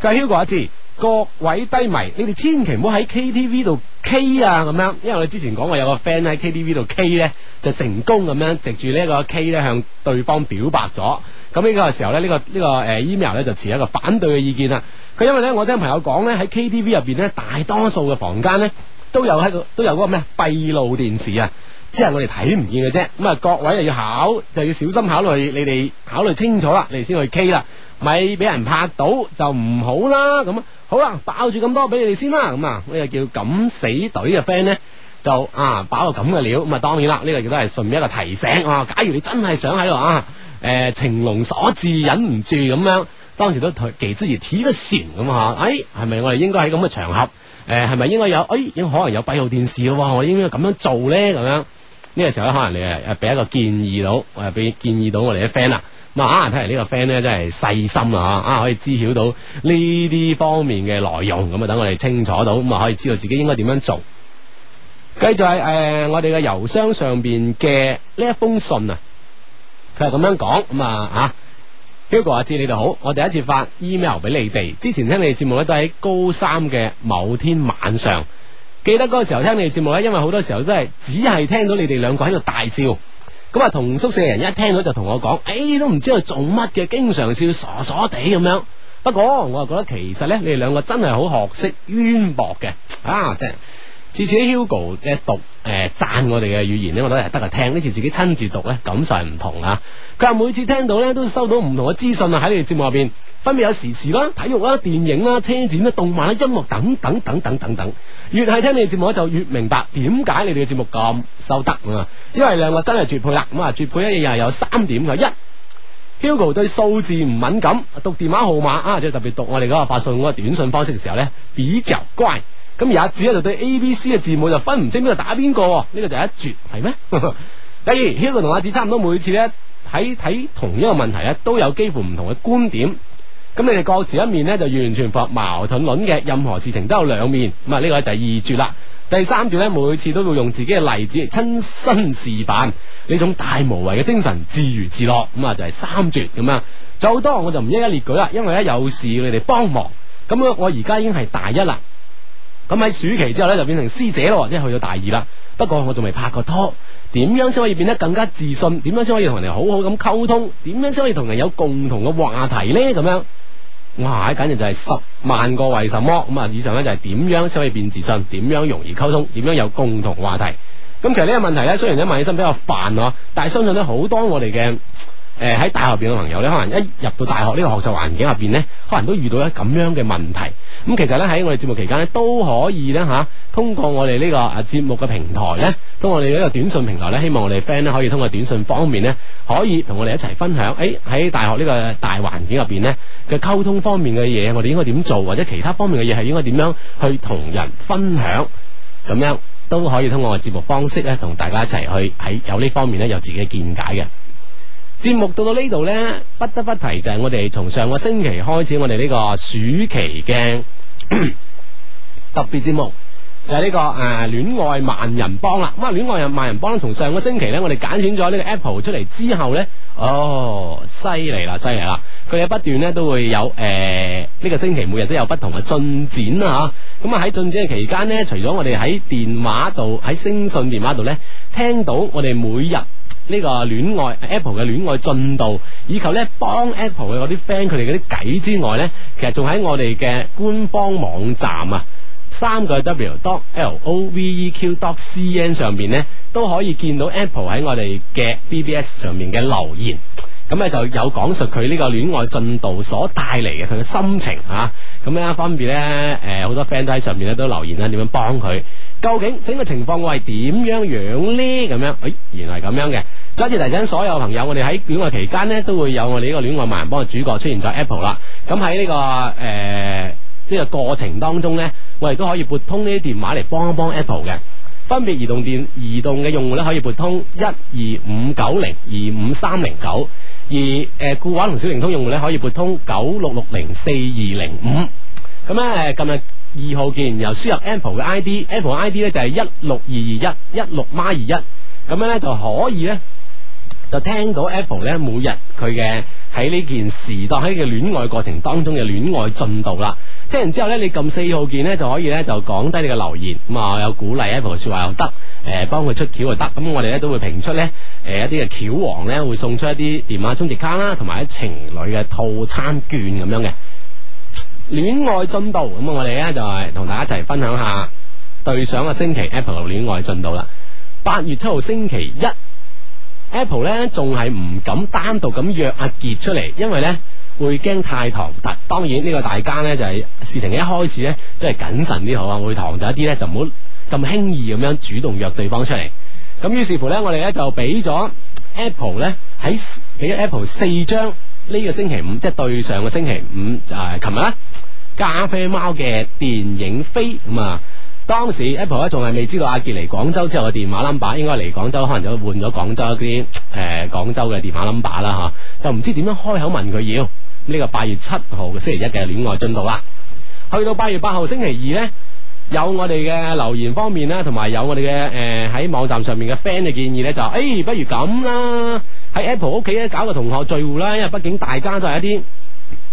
佢係 Hugo 阿 Sir。各位低迷，你哋千祈唔好喺 KTV 度 K 啊！咁樣，因為我哋之前講過有個 friend 喺 KTV 度 K 咧，就成功咁樣籍住呢個 K 咧向對方表白咗。咁呢個時候咧，這個這個、呢個呢個誒 email 咧就持一個反對嘅意見啦。佢因為咧，我聽朋友講咧喺 KTV 入邊咧，大多數嘅房間咧都有喺個都有個咩閉路電視啊，只係我哋睇唔見嘅啫。咁啊，各位又要考就要小心考慮，你哋考慮清楚啦，你哋先去 K 啦，咪俾人拍到就唔好啦咁。好啦，爆住咁多俾你哋先啦。咁啊，呢、這個叫敢死隊嘅 friend 咧，就啊，爆個咁嘅料。咁啊，當然啦，呢、這個亦都係順便一個提醒。啊，假如你真係想喺度啊，誒、呃，情濃所至，忍唔住咁樣，當時都台其之如鐵個船咁吓、啊。哎，係咪我哋應該喺咁嘅場合？誒、啊，係咪應該有？哎，可能有閉路電視咯、啊。我應該咁樣做咧？咁樣呢、這個時候、啊、可能你誒、啊、俾一個建議到，我、啊、俾建議到我哋啲 friend 啦。嗱啊！睇嚟呢個 friend 咧真係細心啊！啊，可以知曉到呢啲方面嘅內容，咁啊等我哋清楚到，咁啊可以知道自己應該點樣做。繼續係誒、呃，我哋嘅郵箱上邊嘅呢一封信啊，佢係咁樣講，咁啊啊，Hugo 阿志你哋好，我第一次發 email 俾你哋，之前聽你哋節目咧都喺高三嘅某天晚上，記得嗰個時候聽你哋節目咧，因為好多時候真係只係聽到你哋兩個喺度大笑。咁啊，同宿舍人一聽到就同我講，誒、哎、都唔知佢做乜嘅，經常笑傻傻地咁樣。不過我啊覺得其實呢，你哋兩個真係好學識淵博嘅啊！真係，次次 Hugo 嘅讀誒、呃、讚我哋嘅語言咧，我都係得嚟聽。呢次自己親自讀咧，感受係唔同啊！佢話每次聽到呢，都收到唔同嘅資訊啊，喺你哋節目入邊，分別有時事啦、體育啦、電影啦、車展啦、動漫啦、音樂等等等等等等。等等等等。越係聽你嘅節目，就越明白點解你哋嘅節目咁收得。因為兩個真係絕配啦。咁啊，絕配一樣又有三點嘅一，Hugo 對數字唔敏感，讀電話號碼啊，即係特別讀我哋嗰個發信個短信方式嘅時候咧，比較乖。咁而阿子咧就對 A B C 嘅字母就分唔清邊個打邊個，呢、這個就係一絕係咩？ <laughs> 第二，Hugo 同阿子差唔多，每次咧喺睇同一個問題咧，都有幾乎唔同嘅觀點。咁你哋各持一面呢，就完全符合矛盾論嘅。任何事情都有兩面。咁啊，呢個就係二絕啦。第三絕呢，每次都會用自己嘅例子親身示範呢 <laughs> 種大無畏嘅精神，自娛自樂。咁、嗯、啊，就係、是、三絕咁啊，就好多，我就唔一一列舉啦。因為咧，有事要你哋幫忙。咁樣，我而家已經係大一啦。咁喺暑期之後咧，就變成師姐咯，即係去到大二啦。不過我仲未拍過拖，點樣先可以變得更加自信？點樣先可以同人哋好好咁溝通？點樣先可以同人有共同嘅話題呢？咁樣？哇！喺簡直就係十萬個為什麼。咁啊！以上咧就係點樣先可以變自信，點樣容易溝通，點樣有共同話題。咁其實呢個問題咧，雖然咧問起身比較煩啊，但係相信咧好多我哋嘅。誒喺、呃、大學入邊嘅朋友咧，可能一入到大學呢個學習環境入邊呢可能都遇到一咁樣嘅問題。咁、嗯、其實呢，喺我哋節目期間呢，都可以呢，吓、啊、通過我哋呢、呢個啊節目嘅平台呢，通過我哋呢個短信平台呢，希望我哋 friend 咧可以通過短信方面呢，可以同我哋一齊分享。誒、哎、喺大學呢個大環境入邊呢，嘅溝通方面嘅嘢，我哋應該點做，或者其他方面嘅嘢係應該點樣去同人分享，咁樣都可以通過我哋節目方式呢，同大家一齊去喺有呢方面呢，有自己嘅見解嘅。節目到到呢度呢，不得不提就係我哋從上個星期開始，我哋呢個暑期嘅 <coughs> 特別節目就係、是、呢、呢個誒戀、呃、愛萬人幫啦。咁啊，戀愛萬人幫咧，從上個星期呢，我哋揀選咗呢個 Apple 出嚟之後呢，哦，犀利啦，犀利啦，佢哋不斷呢，都會有誒呢、呃呢個星期每日都有不同嘅進展啊。咁啊喺進展嘅期間呢，除咗我哋喺電話度喺聲訊電話度呢，聽到我哋每日。呢個戀愛 Apple 嘅戀愛進度，以及咧幫 Apple 嘅嗰啲 friend 佢哋嗰啲偈之外呢，其實仲喺我哋嘅官方網站啊，三個 W dot L O V E Q dot C N 上面呢，都可以見到 Apple 喺我哋嘅 BBS 上面嘅留言。咁呢就有講述佢呢個戀愛進度所帶嚟嘅佢嘅心情嚇。咁、啊、呢分別呢，誒好多 friend 都喺上面咧都留言啦，點樣幫佢？究竟整個情況我係點樣樣呢？咁、哎、樣，誒原來係咁樣嘅。所以提醒所有朋友，我哋喺戀愛期間呢，都會有我哋呢個戀愛盲人幫嘅主角出現咗 Apple 啦。咁喺呢個誒呢、呃呢個過程當中呢，我哋都可以撥通呢啲電話嚟幫一幫 Apple 嘅。分別移動電移動嘅用戶呢，可以撥通一二五九零二五三零九，而誒固話同小靈通用戶呢，可以撥通九六六零四二零五。咁呢、嗯呃，今日二號見，有輸入 Apple 嘅 ID, Apple 嘅 I D，Apple I D 呢就係一六二二一一六孖二一，咁樣呢就可以呢。就聽到 Apple 咧，每日佢嘅喺呢件時代，喺嘅戀愛過程當中嘅戀愛進度啦。聽完之後呢，你撳四號鍵呢，就可以呢就講低你嘅留言。咁、嗯、啊有鼓勵 Apple 嘅説話又得，誒、呃、幫佢出橋又得。咁、嗯、我哋呢都會評出呢，誒、呃、一啲嘅橋王呢會送出一啲電話充值卡啦，同埋一啲情侶嘅套餐券咁樣嘅戀愛進度。咁、嗯、我哋呢就係同大家一齊分享下對上個星期 Apple 嘅戀愛進度啦。八月七號星期一。Apple 咧仲係唔敢單獨咁約阿傑出嚟，因為咧會驚太唐突。當然呢個大家咧就係、是、事情一開始咧，即、就、係、是、謹慎啲好啊，會唐突一啲咧就唔好咁輕易咁樣主動約對方出嚟。咁於是乎咧，我哋咧就俾咗 Apple 咧喺俾咗 Apple 四張呢個星期五，即係對上個星期五就啊、係，琴日咧咖啡貓嘅電影飛嘛。當時 Apple 咧仲係未知道阿杰嚟廣州之後嘅電話 number，應該嚟廣州可能就換咗廣州一啲誒、呃、廣州嘅電話 number 啦。嚇，就唔知點樣開口問佢要呢、呢個八月七號嘅星期一嘅戀愛進度啦。去到八月八號星期二呢，有我哋嘅留言方面啦，同埋有我哋嘅誒喺網站上面嘅 friend 嘅建議呢，就誒、欸、不如咁啦，喺 Apple 屋企咧搞個同學聚會啦，因為畢竟大家都係一啲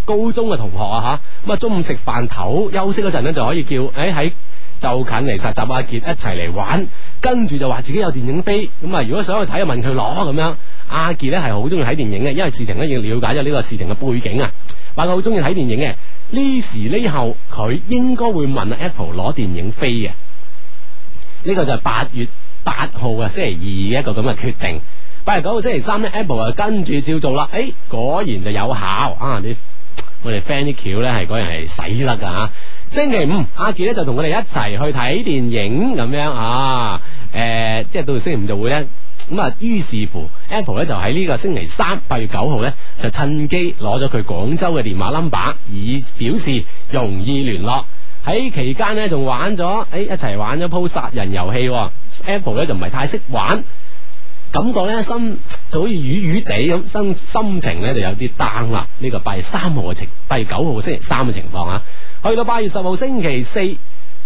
高中嘅同學啊嚇。咁啊，中午食飯頭休息嗰陣咧，就可以叫誒喺。欸就近嚟實習阿杰一齊嚟玩，跟住就話自己有電影飛，咁啊如果想去睇就問佢攞咁樣。阿杰咧係好中意睇電影嘅，因為事情我亦了解咗呢個事情嘅背景啊，話佢好中意睇電影嘅。呢時呢後佢應該會問 Apple 攞電影飛嘅，呢、這個就係八月八號嘅星期二嘅一個咁嘅決定。八月九號星期三咧，Apple 啊跟住照做啦，誒、欸、果然就有效啊！你我哋 friend 啲橋咧係嗰日係死甩噶吓。星期五，阿杰咧就同我哋一齊去睇電影咁樣啊。誒、呃，即係到星期五就會呢。咁啊，於是乎 Apple 咧就喺呢個星期三八月九號呢，就趁機攞咗佢廣州嘅電話 number，以表示容易聯絡。喺期間呢，仲玩咗誒、哎，一齊玩咗鋪殺人遊戲，啊。Apple 咧就唔係太識玩，感覺呢，心就好似雨雨地咁心心情呢就有啲 down 啦。呢、這個八月三號嘅情八月九號星期三嘅情況啊。去到八月十號星期四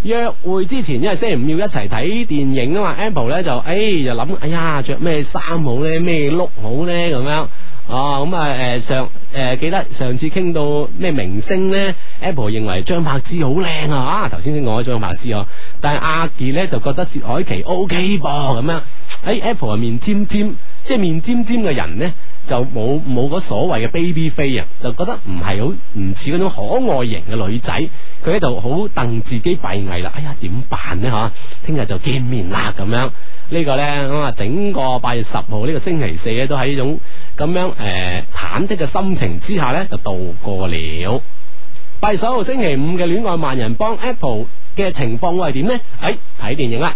約會之前，因為星期五要一齊睇電影啊嘛。Apple 咧就誒，就諗哎呀，着咩衫好咧，咩 look 好咧咁樣啊。咁啊誒上誒記得上次傾到咩明星咧，Apple 認為張柏芝好靚啊吓，頭先先講咗張柏芝啊。但係阿杰咧就覺得薛凱琪 OK 噃咁樣。誒，Apple 係面尖尖，即係面尖尖嘅人咧。就冇冇嗰所謂嘅 baby face 啊，就覺得唔係好唔似嗰種可愛型嘅女仔，佢咧就好瞪自己閉翳啦。哎呀，點辦呢？嗬，聽日就見面啦咁樣。呢、這個呢，咁啊，整個八月十號呢個星期四咧都喺呢種咁樣誒忐忑嘅心情之下呢，就度過了。八月十一號星期五嘅戀愛萬人幫 Apple 嘅情況係點呢？喺、哎、睇電影啊！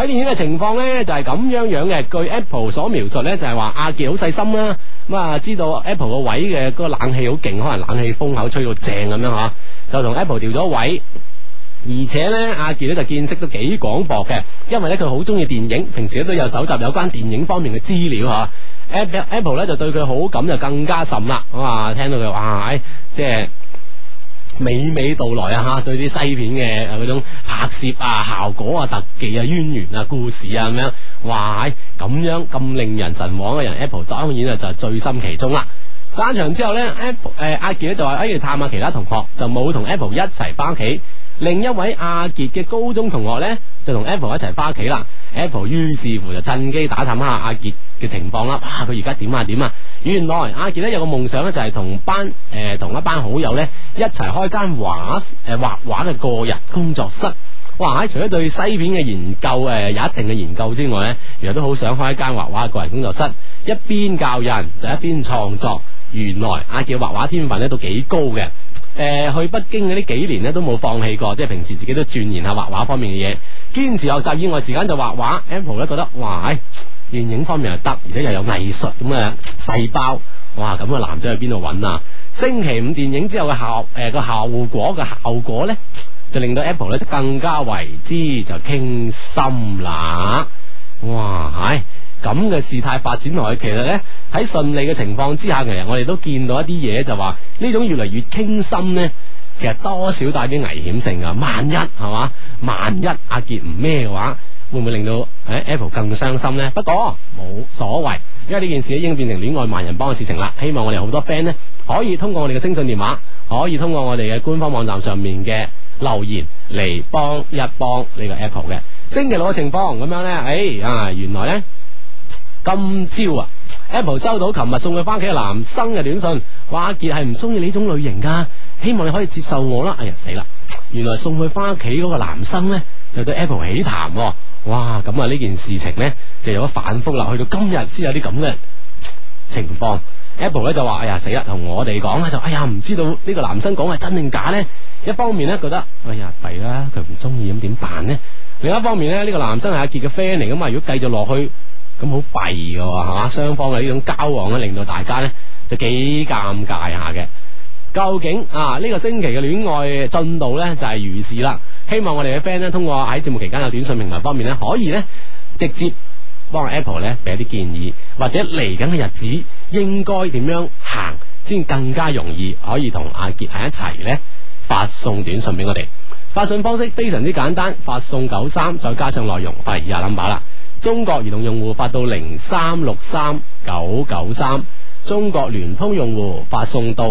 睇電影嘅情況呢，就係、是、咁樣樣嘅。據 Apple 所描述呢，就係、是、話阿杰好細心啦、啊，咁啊知道 Apple 個位嘅嗰個冷氣好勁，可能冷氣風口吹到正咁樣吓、啊，就同 Apple 調咗位。而且呢，阿杰呢就見識都幾廣博嘅，因為呢，佢好中意電影，平時都有搜集有關電影方面嘅資料吓。Apple、啊、Apple 咧就對佢好感就更加甚啦。咁啊聽到佢話係即係。哎就是娓娓道來啊吓，對啲西片嘅嗰種拍攝啊、效果啊、特技啊、淵源啊、故事啊咁樣，哇！咁樣咁令人神往嘅人，Apple 當然啊就醉心其中啦。散場之後呢，Apple 誒、呃、阿杰就話：不如探下其他同學，就冇同 Apple 一齊翻屋企。另一位阿杰嘅高中同學呢，就同 Apple 一齊翻屋企啦。Apple 於是乎就趁機打探下阿杰嘅情況啦，哇！佢而家點啊點啊！原來阿杰咧有個夢想呢，就係同班誒同一班好友呢一齊開一間畫誒、呃、畫畫嘅個人工作室。哇！喺除咗對西片嘅研究誒、呃、有一定嘅研究之外呢，原來都好想開一間畫畫嘅個人工作室，一邊教人就一邊創作。原來阿杰畫畫天分呢都幾高嘅。誒、呃、去北京嗰啲幾年呢，都冇放棄過，即係平時自己都鑽研下畫畫方面嘅嘢。堅持學習，意外時間就畫畫。Apple 咧覺得哇，唉，電影方面又得，而且又有藝術咁嘅細胞，哇，咁嘅男仔去邊度揾啊？星期五電影之後嘅效，誒、呃、個效果嘅效果咧，就令到 Apple 咧更加為之就傾心啦。哇，唉、哎，咁嘅事態發展落去，其實咧喺順利嘅情況之下，其實我哋都見到一啲嘢，就話呢種越嚟越傾心咧。其實多少帶啲危險性噶、啊，萬一係嘛，萬一阿杰唔咩嘅話，會唔會令到誒、欸、Apple 更傷心呢？不過冇所謂，因為呢件事已經變成戀愛萬人幫嘅事情啦。希望我哋好多 friend 咧，可以通過我哋嘅聲訊電話，可以通過我哋嘅官方網站上面嘅留言嚟幫一幫呢個 Apple 嘅。星期六嘅情況咁樣呢，誒、欸、啊，原來呢，今朝啊，Apple 收到琴日送佢翻屋企嘅男生嘅短信，話阿杰係唔中意呢種類型噶。希望你可以接受我啦！哎呀死啦，原來送去翻屋企嗰個男生咧又對 Apple 起痰、哦，哇！咁啊呢件事情咧，就有咗反覆啦，去到今日先有啲咁嘅情況。Apple 咧就話：哎呀死啦，同我哋講咧就，哎呀唔知道呢個男生講係真定假咧。一方面咧覺得，哎呀弊啦，佢唔中意咁點辦呢。」另一方面咧呢、呢個男生係阿杰嘅 friend 嚟噶嘛，如果繼續落去咁好弊噶喎，係嘛、啊？雙方嘅呢種交往咧，令到大家咧就幾尷尬下嘅。究竟啊，呢個星期嘅戀愛進度呢，就係如是啦。希望我哋嘅 friend 咧，通過喺節目期間嘅短信平台方面呢，可以呢直接幫 Apple 呢俾一啲建議，或者嚟緊嘅日子應該點樣行先更加容易可以同阿杰喺一齊呢。發送短信俾我哋，發送方式非常之簡單，發送九三再加上內容發二下 number。中國移動用戶發到零三六三九九三，中國聯通用戶發送到。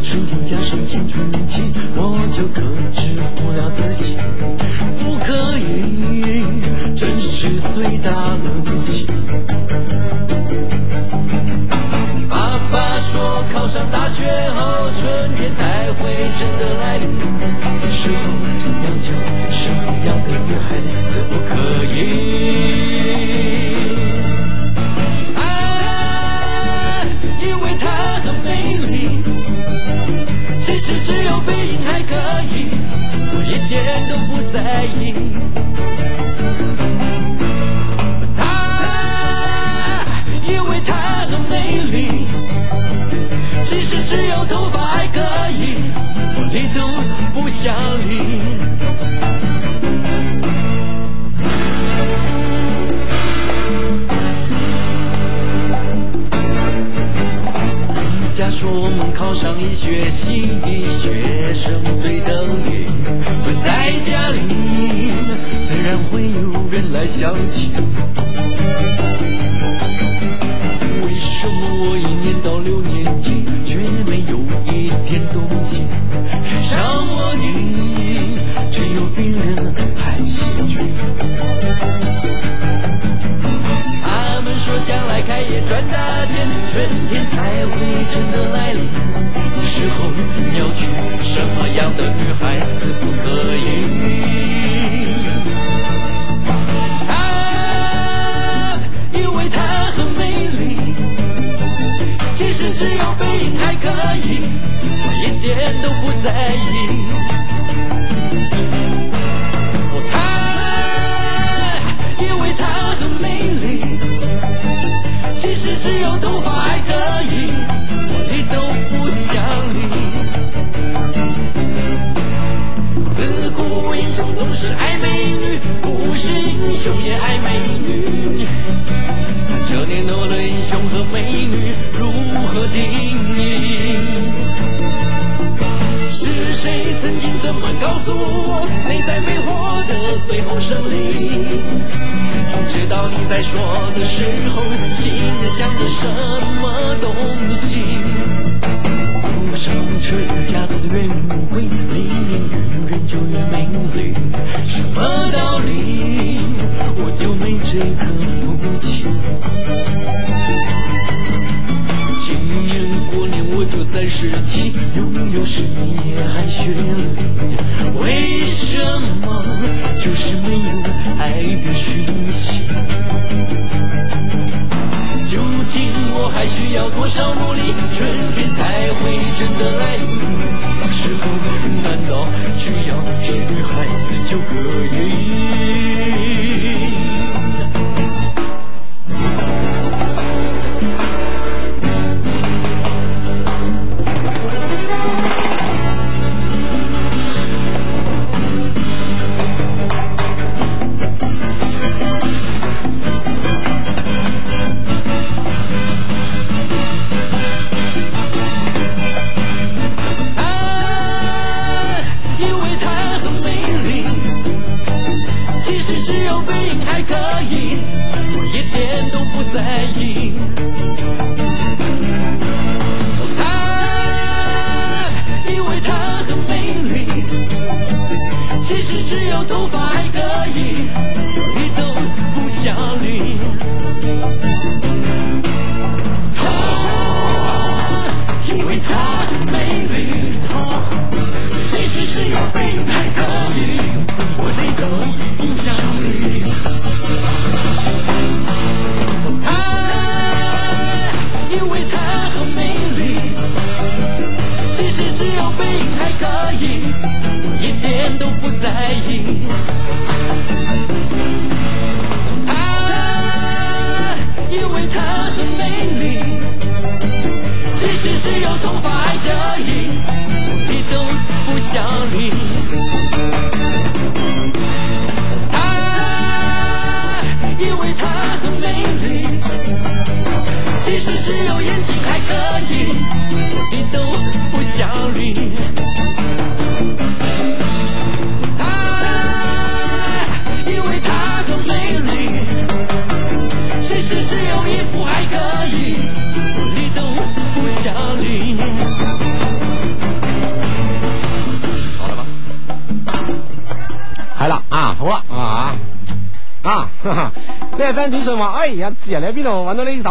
春天加上青春期，我就克制不了自己，不可以，真是最大的武器。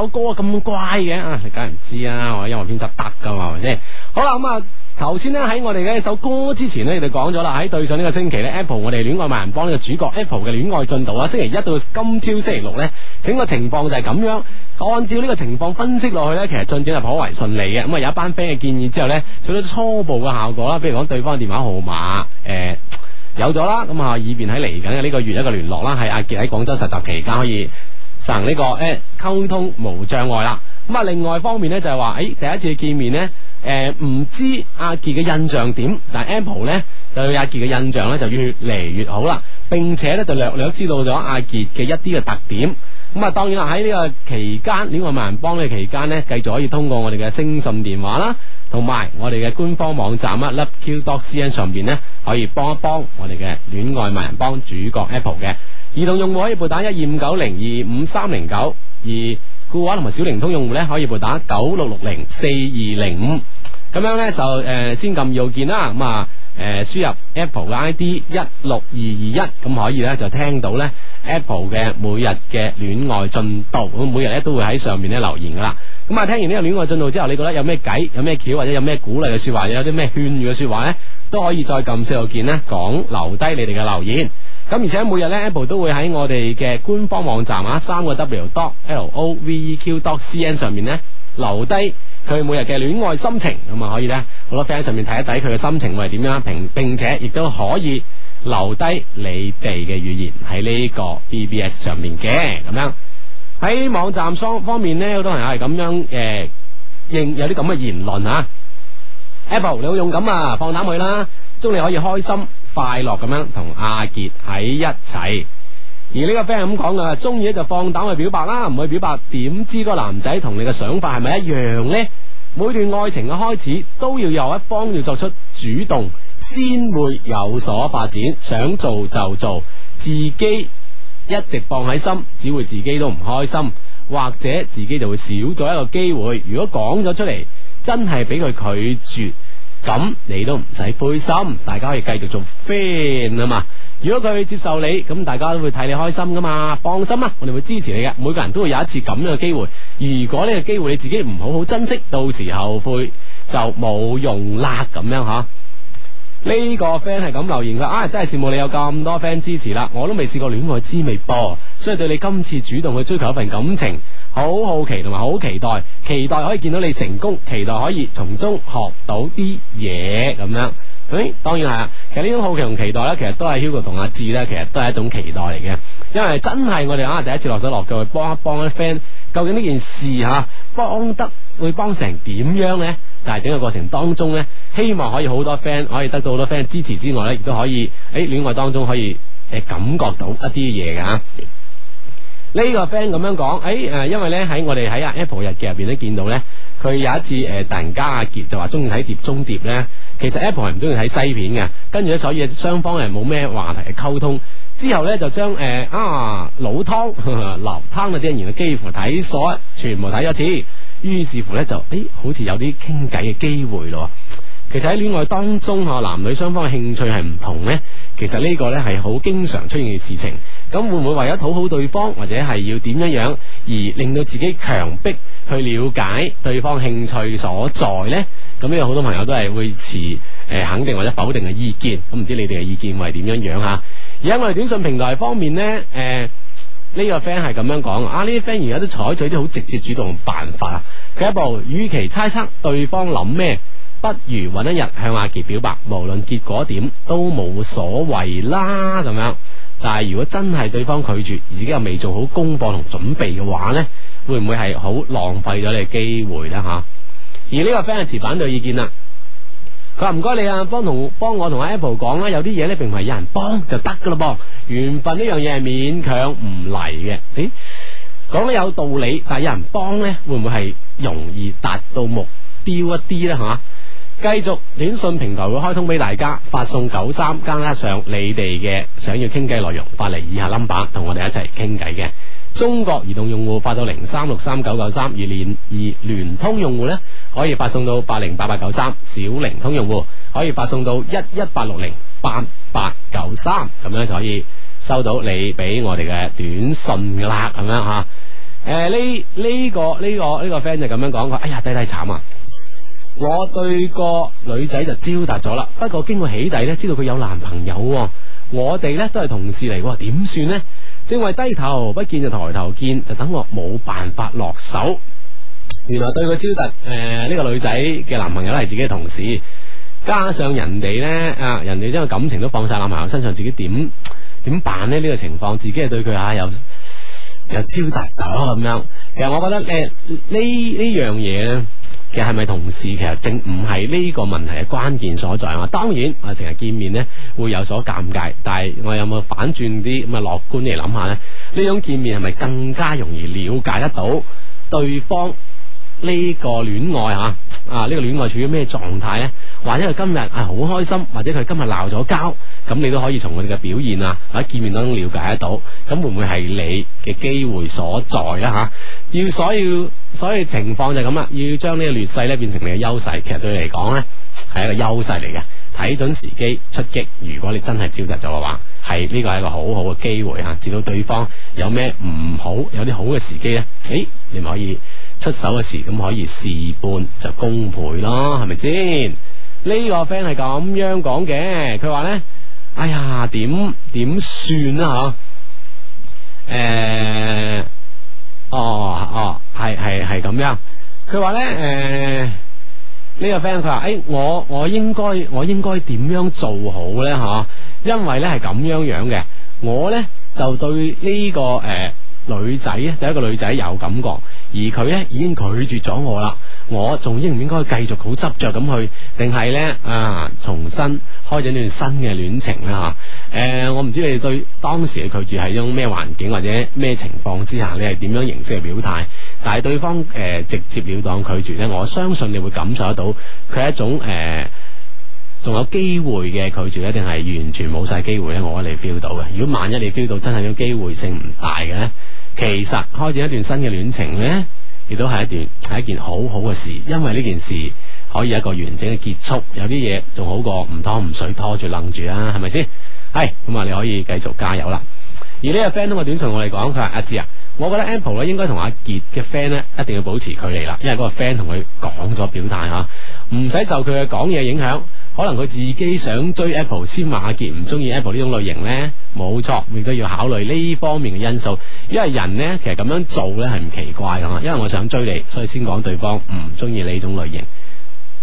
首歌咁怪嘅啊。你梗係唔知啊，我音樂編輯得㗎嘛，係咪先？好啦，咁、嗯、啊，頭先呢，喺我哋嘅一首歌之前呢，你哋講咗啦，喺對上呢個星期呢 Apple 我哋戀愛萬人幫呢個主角 Apple 嘅戀愛進度啊，星期一到今朝星期六呢，整個情況就係咁樣。按照呢個情況分析落去呢，其實進展係頗為順利嘅。咁、嗯、啊，有一班 friend 嘅建議之後呢，做咗初步嘅效果啦，比如講對方嘅電話號碼誒、欸、有咗啦。咁、嗯、啊，以便喺嚟緊嘅呢個月一個聯絡啦，係阿杰喺廣州實習期間可以實行呢、這個 a、欸溝通無障礙啦。咁啊，另外方面呢，就係話誒，第一次見面呢，誒、呃，唔知阿杰嘅印象點，但係 Apple 呢，對阿杰嘅印象呢就越嚟越好啦，並且呢，就略略知道咗阿杰嘅一啲嘅特點。咁、嗯、啊，當然啦，喺呢個期間戀愛萬人幫嘅期間呢，繼續可以通過我哋嘅聲訊電話啦，同埋我哋嘅官方網站 loveq dot cn <noise> 上邊呢，可以幫一幫我哋嘅戀愛萬人幫主角 Apple 嘅移動用戶可以撥打一二五九零二五三零九。而固話同埋小靈通用戶呢，可以撥打九六六零四二零五，咁樣呢，就誒先撳右鍵啦，咁啊誒輸入 Apple 嘅 I D 一六二二一，咁可以呢，就聽到呢 Apple 嘅每日嘅戀愛進度，咁每日呢，都會喺上面呢留言噶啦。咁、嗯、啊聽完呢個戀愛進度之後，你覺得有咩計，有咩橋，或者有咩鼓勵嘅說話，有啲咩勸喻嘅說話呢，都可以再撳四號鍵呢，講留低你哋嘅留言。咁而且每日咧，Apple 都會喺我哋嘅官方網站啊，三個 W dot L O V E Q dot C N 上面咧留低佢每日嘅戀愛心情，咁啊可以咧好多 friend 上面睇一睇佢嘅心情會係點樣，並並且亦都可以留低你哋嘅語言喺呢個 BBS 上面嘅咁樣喺網站雙方面咧，好多朋友係咁樣誒，有啲咁嘅言論嚇，Apple 你好勇敢啊，放膽去啦，祝你可以開心。快樂咁樣同阿杰喺一齊，而呢個 friend 咁講噶，中意，就放膽去表白啦，唔去表白，點知個男仔同你嘅想法係咪一樣呢？每段愛情嘅開始，都要有一方要作出主動，先會有所發展。想做就做，自己一直放喺心，只會自己都唔開心，或者自己就會少咗一個機會。如果講咗出嚟，真係俾佢拒絕。咁你都唔使灰心，大家可以繼續做 friend 啊嘛。如果佢接受你，咁大家都會替你開心噶嘛。放心啊，我哋會支持你嘅。每個人都會有一次咁樣嘅機會。如果呢個機會你自己唔好好珍惜，到時後悔，就冇用啦。咁樣吓，呢個 friend 係咁留言嘅啊，真係羨慕你有咁多 friend 支持啦。我都未試過戀愛滋味噃，所以對你今次主動去追求一份感情。好好奇同埋好期待，期待可以見到你成功，期待可以從中學到啲嘢咁樣。誒、嗯，當然係啦。其實呢種好奇同期待呢，其實都係 Hugo 同阿志呢，其實都係一種期待嚟嘅。因為真係我哋可能第一次落手落腳去幫一幫啲 friend，究竟呢件事吓、啊、幫得會幫成點樣呢？但係整個過程當中呢，希望可以好多 friend 可以得到好多 friend 支持之外呢，亦都可以喺哎、戀愛當中可以誒、呃、感覺到一啲嘢噶。呢個 friend 咁樣講，誒、哎、誒、呃，因為呢喺我哋喺阿 Apple 日記入邊咧，見到呢，佢有一次誒、呃、突然間阿杰就話中意睇碟中碟呢，其實 Apple 係唔中意睇西片嘅，跟住呢，所以雙方係冇咩話題溝通，之後呢，就將誒、呃、啊老湯、流湯嗰啲嘢幾乎睇曬，全部睇一次，於是乎呢，就誒、哎、好似有啲傾偈嘅機會咯。其實喺戀愛當中，啊男女雙方嘅興趣係唔同呢。其實呢個呢，係好經常出現嘅事情。咁會唔會為咗討好對方，或者係要點樣樣而令到自己強迫去了解對方興趣所在咧？咁咧，好多朋友都係會持誒、呃、肯定或者否定嘅意見。咁唔知你哋嘅意見會係點樣樣、啊、吓？而家我哋短信平台方面呢，誒、呃、呢、這個 friend 係咁樣講啊！呢啲 friend 而家都採取啲好直接主動嘅辦法啊！第一步，與其猜測對方諗咩，不如搵一日向阿杰表白，無論結果點都冇所謂啦！咁樣。但係如果真係對方拒絕，而自己又未做好功課同準備嘅話呢，會唔會係好浪費咗你嘅機會呢？吓、啊，而呢個 friend 持反對意見啦。佢話唔該你啊，幫同幫我同 Apple 講啦，有啲嘢呢並唔係有人幫就得噶啦噃，緣分呢樣嘢係勉強唔嚟嘅。誒、哎，講得有道理，但係有人幫呢，會唔會係容易達到目標一啲咧？吓、啊？繼續短信平台會開通俾大家，發送九三加上你哋嘅想要傾偈內容，發嚟以下 number 同我哋一齊傾偈嘅。中國移動用戶發到零三六三九九三，而聯而聯通用戶呢，可以發送到八零八八九三，小靈通用戶可以發送到一一八六零八八九三，咁樣就可以收到你俾我哋嘅短信啦。咁樣吓，誒，呢呢個呢個呢個 friend 就咁樣講，佢哎呀，低低慘啊！我對個女仔就招達咗啦，不過經過起底，呢知道佢有男朋友，我哋呢都係同事嚟，點算呢？正為低頭不見就抬頭見，就等我冇辦法落手。原來對佢招達，誒呢個女仔嘅男朋友係自己嘅同事，加上人哋呢，啊，人哋將個感情都放晒男朋友身上自、這個，自己點點辦呢？呢個情況自己係對佢啊又又招達咗咁樣。其實我覺得誒呢呢樣嘢其實係咪同事？其實正唔係呢個問題嘅關鍵所在啊！當然，我成日見面咧會有所尷尬，但係我有冇反轉啲咁啊樂觀嚟諗下呢？呢種見面係咪更加容易了解得到對方？呢個戀愛吓啊呢、啊這個戀愛處於咩狀態呢？或者佢今日係好開心，或者佢今日鬧咗交，咁你都可以從佢哋嘅表現啊喺見面當中了解得到。咁會唔會係你嘅機會所在啊？吓、啊，要所以所以情況就係咁啦。要將呢個劣勢咧變成你嘅優勢，其實對你嚟講呢，係一個優勢嚟嘅。睇準時機出擊，如果你真係召集咗嘅話，係呢、這個係一個好好嘅機會啊！知道對方有咩唔好，有啲好嘅時機呢？誒、哎，你咪可以。出手嘅時，咁可以事半就功倍咯，係咪先？呢個 friend 係咁樣講嘅，佢話咧，哎呀，點點算啊？吓，誒，哦哦，係係係咁樣。佢話咧，誒呢個 friend 佢話，誒我我應該我應該點樣做好咧？吓，因為咧係咁樣樣嘅，我咧就對呢個誒女仔啊，第一個女仔有感覺。而佢呢已經拒絕咗我啦，我仲應唔應該繼續好執着咁去，定係呢，啊，重新開咗段新嘅戀情呢？吓、啊？誒、呃，我唔知你對當時嘅拒絕係一種咩環境或者咩情況之下，你係點樣形式嘅表態？但係對方誒、呃、直接了當拒絕呢，我相信你會感受得到佢係一種誒仲、呃、有機會嘅拒絕，定係完全冇晒機會咧？我你 feel 到嘅。如果萬一你 feel 到真係有機會性唔大嘅呢。其實開展一段新嘅戀情呢，亦都係一段係一件好好嘅事，因為呢件事可以有一個完整嘅結束，有啲嘢仲好過唔拖唔水拖住楞住啊，係咪先？係咁啊，你可以繼續加油啦。而呢個 friend 通過短信我嚟講，佢話阿芝啊，我覺得 Apple 咧應該同阿杰嘅 friend 咧一定要保持距離啦，因為嗰個 friend 同佢講咗表態吓，唔使受佢嘅講嘢影響。可能佢自己想追 Apple 先話阿杰唔中意 Apple 呢種類型咧，冇錯，亦都要考慮呢方面嘅因素。因為人咧其實咁樣做咧係唔奇怪噶嘛，因為我想追你，所以先講對方唔中意你呢種類型，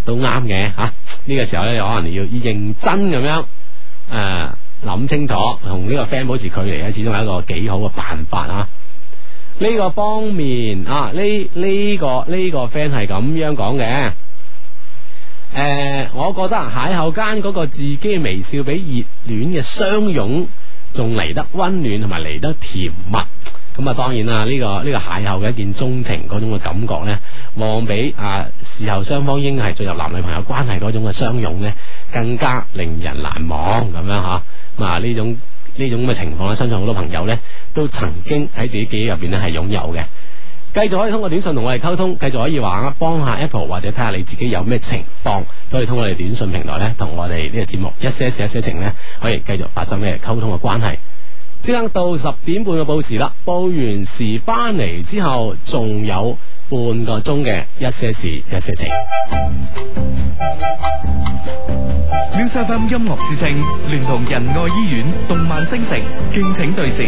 都啱嘅吓。呢、啊這個時候咧有可能要認真咁樣誒諗清楚，同呢個 friend 保持距離咧，始終係一個幾好嘅辦法啊。呢、這個方面啊，呢、這、呢個呢、這個 friend 係咁樣講嘅。誒、呃，我覺得邂逅間嗰個自己微笑比熱戀嘅相擁仲嚟得溫暖，同埋嚟得甜蜜。咁啊，當然啦，呢、這個呢、這個邂逅嘅一見鍾情嗰種嘅感覺呢，望比啊事後雙方應係進入男女朋友關係嗰種嘅相擁呢，更加令人難忘。咁樣吓，咁、啊、呢種呢種咁嘅情況咧，相信好多朋友呢，都曾經喺自己記憶入邊咧係擁有嘅。繼續可以通過短信同我哋溝通，繼續可以話啊幫下 Apple 或者睇下你自己有咩情況，都可以通過我哋短信平台咧，同我哋呢個節目一些事一些情咧，可以繼續發生咩溝通嘅關係。只等到十點半嘅報時啦，報完時翻嚟之後，仲有半個鐘嘅一些事一些情。Music FM 音樂之聲，聯同仁愛醫院、動漫星城，敬請對視。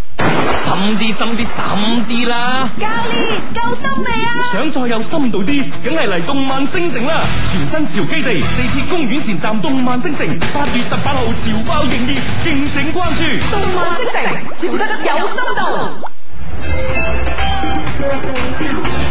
深啲，深啲，深啲啦！教練夠深未啊？想再有深度啲，梗係嚟動漫星城啦！全新潮基地，地鐵公園前站動漫星城，八月十八號潮爆營業，敬請關注。動漫星城，潮得有深度。 <laughs>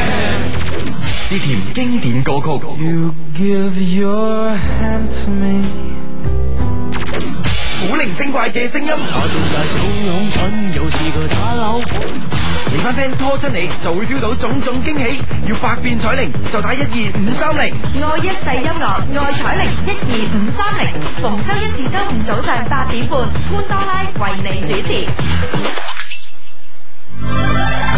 經典歌曲，古靈精怪嘅聲音，連翻 friend 拖出你就會挑到種種驚喜，要百變彩鈴就打一二五三零，愛一世音樂愛彩鈴一二五三零，逢周一至周五早上八點半，潘多拉為你主持。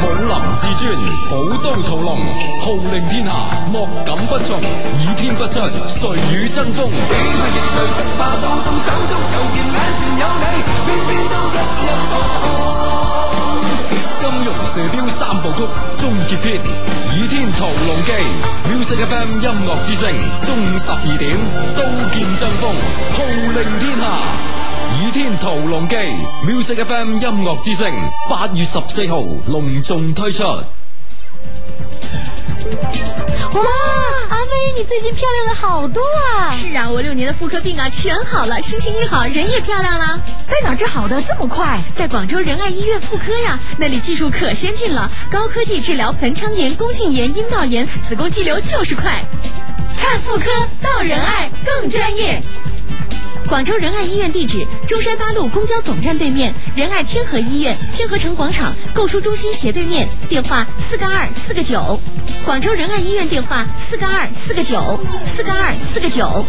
武林至尊，寶刀屠龍，號令天下，莫敢不從。倚天不出，誰與爭鋒？只怕熱淚不怕刀，動手足有劍，眼前有你，偏偏都一一放空。金庸射鵰三部曲終結篇，倚天屠龍記，秒殺嘅 FM 音樂之聲，中午十二點，刀劍爭鋒，號令天下。《倚天屠龍記》Music FM 音樂之聲八月十四號隆重推出。哇，阿威，你最近漂亮了好多啊！是啊，我六年的婦科病啊全好了，心情一好，人也漂亮啦。在哪治好的這麼快？在廣州仁愛醫院婦科呀，那裏技術可先進了，高科技治療盆腔炎、宮頸炎、陰道炎、子宮肌瘤就是快。看婦科到仁愛更專業。廣州仁愛醫院地址：中山八路公交總站對面，仁愛天河醫院天河城廣場購書中心斜對面。電話：四個二四個九。廣州仁愛醫院電話 2, 個：四個二四個九，四個二四個九。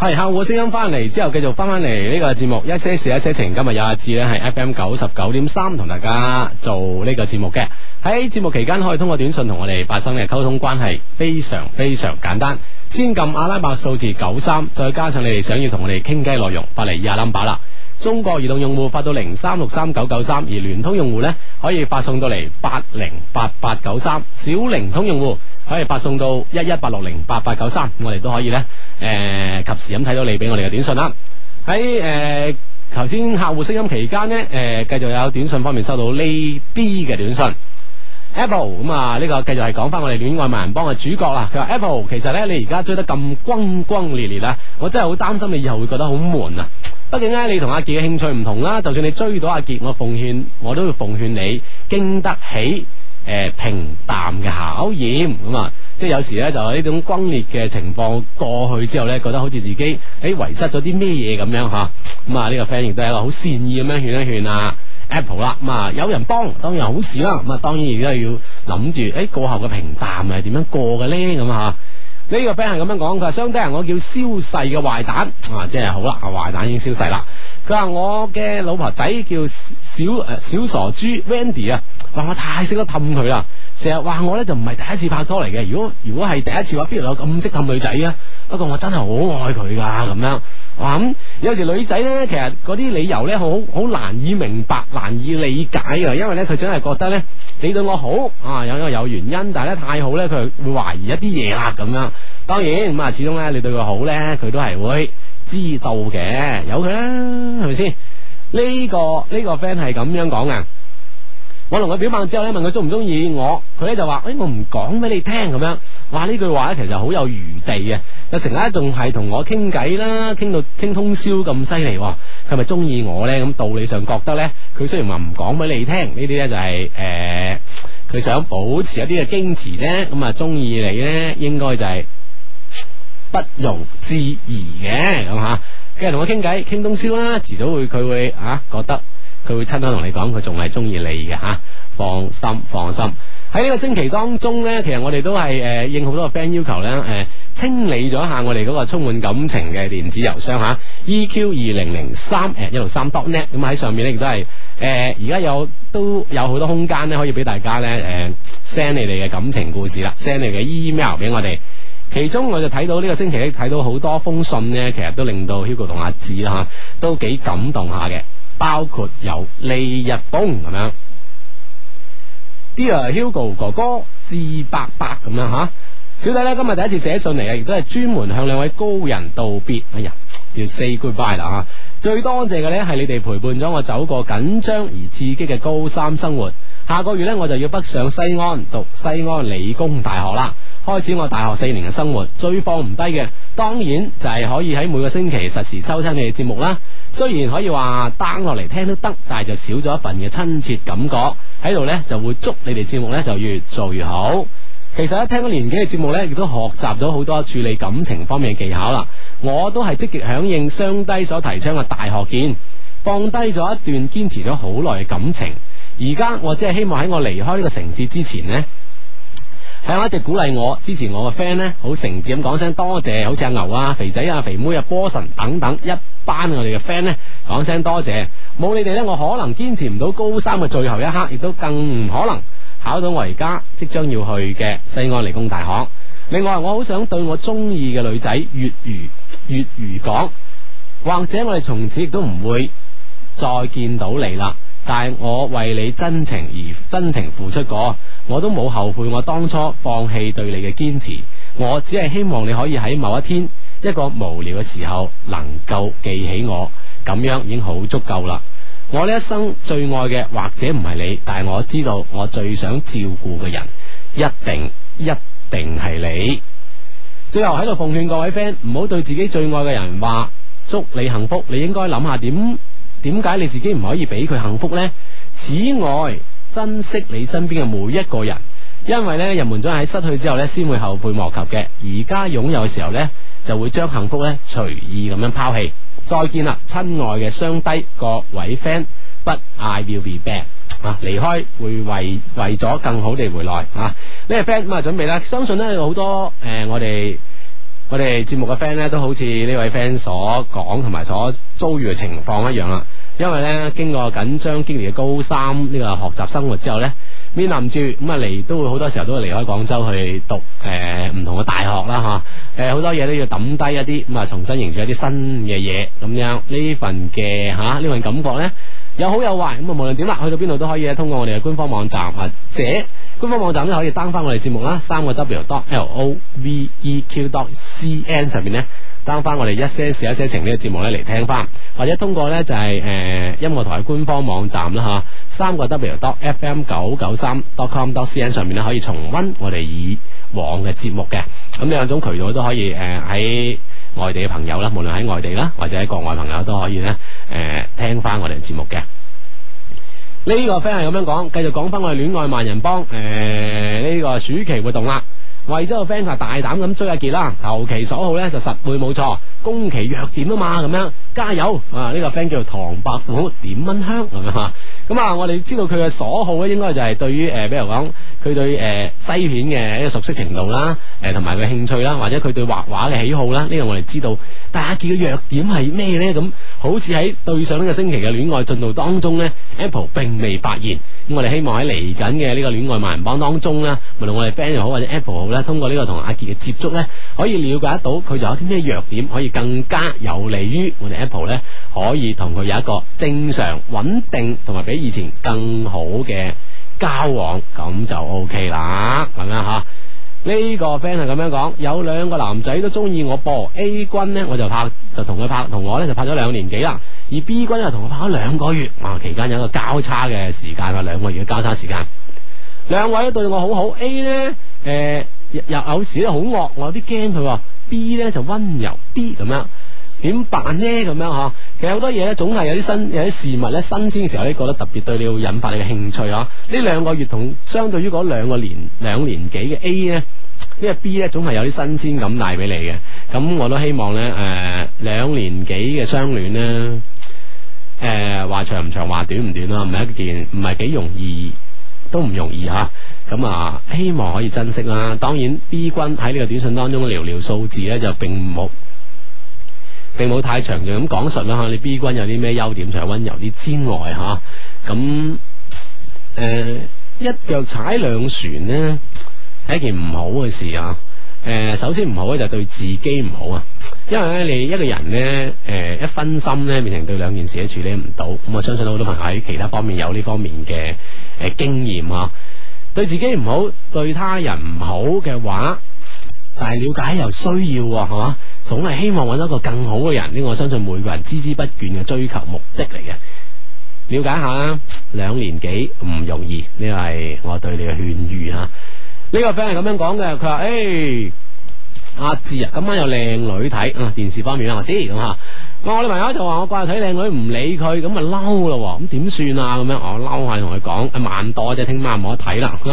係客戶聲音翻嚟之後，繼續翻翻嚟呢個節目一些事一些情。今日有阿志呢，係 FM 九十九點三同大家做呢個節目嘅。喺節目期間，可以通過短信同我哋發生嘅溝通關係非常非常簡單。先撳阿拉伯數字九三，再加上你哋想要同我哋傾偈內容，發嚟以下 number 啦。中國移動用戶發到零三六三九九三，而聯通用戶呢，可以發送到嚟八零八八九三，小靈通用戶可以發送到一一八六零八八九三。我哋都可以呢，誒、呃，及時咁睇到你俾我哋嘅短信啦。喺誒頭先客戶聲音期間呢，誒、呃，繼續有短信方面收到呢啲嘅短信。Apple，咁啊呢個繼續係講翻我哋戀愛萬人幫嘅主角啦。佢話 Apple，其實咧你而家追得咁轟轟烈烈啊，我真係好擔心你以後會覺得好悶啊。畢竟咧你同阿傑嘅興趣唔同啦，就算你追到阿傑，我奉勸我都會奉勸你經得起誒平淡嘅考驗。咁啊，即係有時咧就係呢種轟烈嘅情況過去之後咧，覺得好似自己誒遺失咗啲咩嘢咁樣吓。咁啊呢個 friend 亦都係一個好善意咁樣勸一勸啊。Apple 啦，咁、嗯、啊有人幫，當然好事啦。咁、嗯、啊當然而家要諗住，誒、欸、過後嘅平淡係點樣過嘅咧？咁吓呢個 friend 係咁樣講，佢相當我叫消逝嘅壞蛋啊，即係好啦，壞蛋已經消逝啦。佢話我嘅老婆仔叫小誒小、呃、小傻豬 Wendy 啊，話我太識得氹佢啦，成日話我咧就唔係第一次拍拖嚟嘅。如果如果係第一次話，邊度有咁識氹女仔啊？不過我真係好愛佢噶咁樣。嗯、有時女仔呢，其實嗰啲理由呢，好好難以明白、難以理解嘅，因為呢，佢真係覺得呢，你對我好啊，有因為有原因，但係咧太好呢，佢會懷疑一啲嘢啦咁樣。當然，咁、嗯、始終呢，你對佢好呢，佢都係會知道嘅，有佢啦，係咪先？呢、呢個呢、呢個 friend 係咁樣講嘅。我同佢表白之後呢，問佢中唔中意我，佢呢就話：哎，我唔講俾你聽咁樣。話呢句話呢，其實好有餘地嘅。就成日仲係同我傾偈啦，傾到傾通宵咁犀利，佢咪中意我呢？咁道理上覺得呢，佢雖然話唔講俾你聽，呢啲呢，就係誒，佢想保持一啲嘅矜持啫。咁、嗯、啊，中意你呢，應該就係不容置疑嘅，咁、嗯、吓，繼、啊、續同我傾偈，傾通宵啦。遲早會佢會啊，覺得佢會親口同你講，佢仲係中意你嘅吓、啊，放心，放心。喺呢個星期當中呢，其實我哋都係誒、呃、應好多個 friend 要求呢，誒、呃、清理咗一下我哋嗰個充滿感情嘅電子郵箱吓、啊、，EQ 二零零三誒一六三 dotnet，咁喺上面呢，亦都係誒而家有都有好多空間呢，可以俾大家呢誒 send、呃、你哋嘅感情故事啦，send 你嘅 email 俾我哋。其中我就睇到呢個星期呢，睇到好多封信呢，其實都令到 Hugo 同阿志啦吓，都幾感動下嘅，包括有李日峰咁樣。Dear Hugo 哥哥，志伯伯咁樣吓，小弟呢，今日第一次寫信嚟嘅，亦都係專門向兩位高人道別。哎呀，要 say goodbye 啦吓、啊。最多謝嘅呢，係你哋陪伴咗我走過緊張而刺激嘅高三生活。下個月呢，我就要北上西安讀西安理工大學啦，開始我大學四年嘅生活。最放唔低嘅，當然就係、是、可以喺每個星期實時收聽你嘅節目啦。雖然可以話 down 落嚟聽都得，但係就少咗一份嘅親切感覺喺度呢，就會祝你哋節目呢就越做越好。其實聽一聽咗年幾嘅節目呢，亦都學習咗好多處理感情方面嘅技巧啦。我都係積極響應雙低所提倡嘅大學見，放低咗一段堅持咗好耐嘅感情。而家我只係希望喺我離開呢個城市之前呢。係我一直鼓勵我，支持我嘅 friend 咧，好誠摯咁講聲多謝，好似阿牛啊、肥仔啊、肥妹啊、波神等等一班我哋嘅 friend 咧，講聲多謝。冇你哋呢，我可能堅持唔到高三嘅最後一刻，亦都更唔可能考到我而家即將要去嘅西安理工大學。另外，我好想對我中意嘅女仔月如、月如講，或者我哋從此亦都唔會再見到你啦。但係我為你真情而真情付出過。我都冇後悔，我當初放棄對你嘅堅持。我只係希望你可以喺某一天，一個無聊嘅時候，能夠記起我，咁樣已經好足夠啦。我呢一生最愛嘅或者唔係你，但係我知道我最想照顧嘅人，一定一定係你。最後喺度奉勸各位 friend，唔好對自己最愛嘅人話祝你幸福。你應該諗下點點解你自己唔可以俾佢幸福呢？此外。珍惜你身邊嘅每一個人，因為咧人們總係喺失去之後咧先會後悔莫及嘅，而家擁有嘅時候咧就會將幸福咧隨意咁樣拋棄。再見啦，親愛嘅雙低各位 friend，But I will be back 啊！離開會為為咗更好地回來啊！呢位 friend 咁啊，準備啦！相信咧好多誒，我哋我哋節目嘅 friend 咧都好似呢位 friend 所講同埋所遭遇嘅情況一樣啦。因為咧經過緊張經歷嘅高三呢，呢個學習生活之後呢，面臨住咁啊，嚟，都會好多時候都會離開廣州去讀誒唔，呃、同嘅大學啦吓，誒，啊，好多嘢都要抌低一啲咁啊，重新營造一啲新嘅嘢，咁樣呢份嘅吓，呢份感覺呢，有好有壞咁啊，無論點啦去到邊度都可以通過我哋嘅官方網站或者、啊、官方網站咧可以 down 翻我哋節目啦，三個 W dot L O V E Q dot C N 上面咧。download 翻我哋一些事一些情呢個節目咧嚟聽翻，或者通過呢就係、是、誒、呃、音樂台官方網站啦吓，三個 w dot fm 九九三 dot com dot cn 上面咧可以重温我哋以往嘅節目嘅。咁呢兩種渠道都可以誒喺、呃、外地嘅朋友啦，無論喺外地啦或者喺國外朋友都可以咧誒、呃、聽翻我哋嘅節目嘅。呢、這個 friend 係咁樣講，繼續講翻我哋戀愛萬人幫誒呢個暑期活動啦。為咗個 friend 話大膽咁追阿杰啦，投其所好呢，就實會冇錯，攻其弱點啊嘛咁樣，加油啊！呢、這個 friend 叫做唐伯虎點蚊香咁啊，咁 <laughs> 啊，我哋知道佢嘅所好咧，應該就係對於誒，比如講佢對誒、呃、西片嘅一個熟悉程度啦，誒同埋佢興趣啦，或者佢對畫畫嘅喜好啦，呢個我哋知道。但阿杰嘅弱點係咩呢？咁好似喺對上呢個星期嘅戀愛進度當中呢 Apple 並未發現。咁我哋希望喺嚟緊嘅呢個戀愛萬人幫當中咧，無論我哋 friend 又好或者 Apple 好咧，通過呢個同阿杰嘅接觸咧，可以了解到佢有啲咩弱點，可以更加有利於我哋 Apple 咧，可以同佢有一個正常、穩定同埋比以前更好嘅交往，咁就 OK 啦，咁樣吓。呢個 friend 係咁樣講，有兩個男仔都中意我噃，A 君呢，我就拍就同佢拍，同我呢，就拍咗兩年幾啦，而 B 君就同我拍咗兩個月，啊期間有一個交叉嘅時間啊，兩個月嘅交叉時間，兩位都對我好好，A 呢，誒、呃、又有，有，有時咧好惡，我有啲驚佢，B 呢，就溫柔啲咁樣。點辦呢？咁樣嗬，其實好多嘢咧，總係有啲新，有啲事物咧新鮮嘅時候咧，覺得特別對你會引發你嘅興趣啊，呢兩個月同相對於嗰兩個年兩年幾嘅 A 呢，呢、呢個 B 呢，總係有啲新鮮感帶俾你嘅。咁、嗯、我都希望呢，誒、呃、兩年幾嘅相戀呢，誒、呃、話長唔長話短唔短咯，唔係一件唔係幾容易，都唔容易吓。咁啊、嗯、啊，希望可以珍惜啦。當然 B 君喺呢個短信當中寥寥數字呢，就並冇。並冇太詳盡咁講述啦吓，你 B 君有啲咩優點，除咗溫柔啲之外吓，咁、啊、誒、呃、一腳踩兩船呢，係一件唔好嘅事啊！誒、呃，首先唔好就、對自己唔好啊，因為咧你一個人呢，誒、呃、一分心呢，變成對兩件事都處理唔到，咁我相信好多朋友喺其他方面有呢方面嘅誒、呃、經驗吓、啊，對自己唔好，對他人唔好嘅話，但係了解又需要係嘛？啊總係希望揾到一個更好嘅人，呢個我相信每個人孜孜不倦嘅追求目的嚟嘅。了解下，兩年幾唔容易，呢個係我對你嘅勸喻吓。呢個 friend 係咁樣講嘅，佢 <noise> 話：誒，阿芝、欸、啊智，今晚有靚女睇啊，電視方面我啊，芝咁吓。我女朋友就話我掛住睇靚女，唔理佢，咁咪嬲咯，咁點、嗯、算啊？咁樣我嬲下同佢講，萬、啊、多啫，聽晚唔好睇啦，係、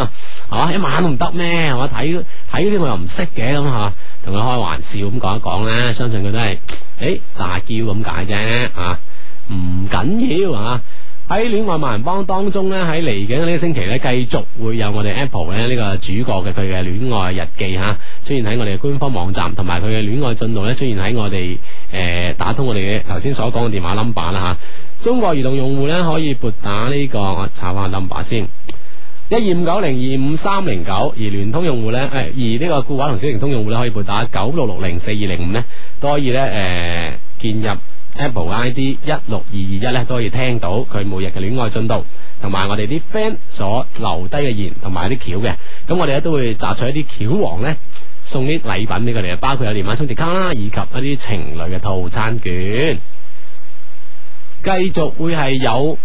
啊、一晚都唔得咩？我睇睇呢，我又唔識嘅咁吓。同佢開玩笑咁講一講啦，相信佢都係誒詐嬌咁解啫啊，唔緊要啊。喺戀愛萬人幫當中呢，喺嚟緊呢個星期呢，繼續會有我哋 Apple 咧呢、呢個主角嘅佢嘅戀愛日記吓、啊，出現喺我哋嘅官方網站，同埋佢嘅戀愛進度呢，出現喺我哋誒、呃、打通我哋嘅頭先所講嘅電話 number 啦吓。中國移動用戶呢，可以撥打呢、呢個我查返 number 先。一二五九零二五三零九，而聯通用戶咧，誒，而呢個固話同小靈通用戶咧，可以撥打九六六零四二零五咧，都可以咧，誒、呃，建入 Apple ID 一六二二一咧，都可以聽到佢每日嘅戀愛進度，同埋我哋啲 friend 所留低嘅言，同埋啲橋嘅，咁我哋咧都會摘取一啲橋王咧，送啲禮品俾佢哋，包括有電話充值卡啦，以及一啲情侶嘅套餐券，繼續會係有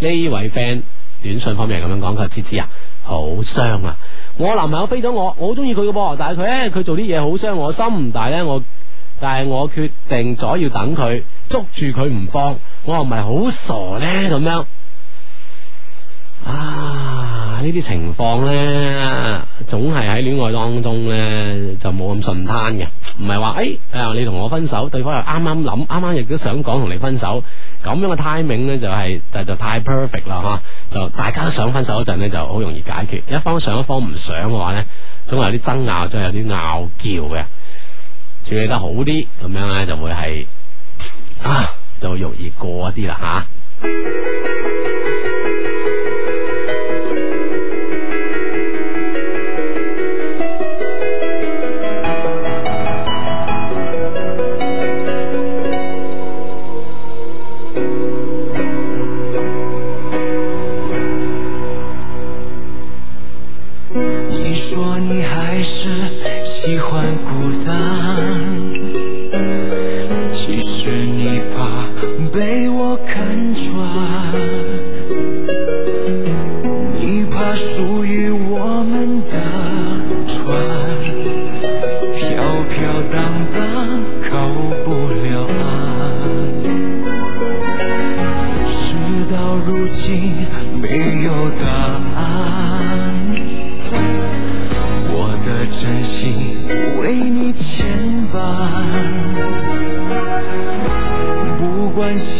呢位 friend。短信方面咁樣講，佢話芝芝啊，好傷啊！我男朋友飛咗我，我好中意佢嘅噃，但係佢咧，佢、欸、做啲嘢好傷我心唔大我。但係咧，我但係我決定咗要等佢捉住佢唔放，我又唔係好傻咧咁樣啊。呢啲情況呢，總係喺戀愛當中呢，就冇咁順攤嘅，唔係話誒啊，你同我分手，對方又啱啱諗，啱啱亦都想講同你分手咁樣嘅 timing 呢，就係但係就是、太 perfect 啦，吓。就大家都想分手嗰陣呢，就好容易解決。一方想，一方唔想嘅話呢，總係有啲爭拗，總係有啲拗叫嘅。處理得好啲，咁樣呢就會係啊，就容易過一啲啦嚇。啊還是喜歡孤單。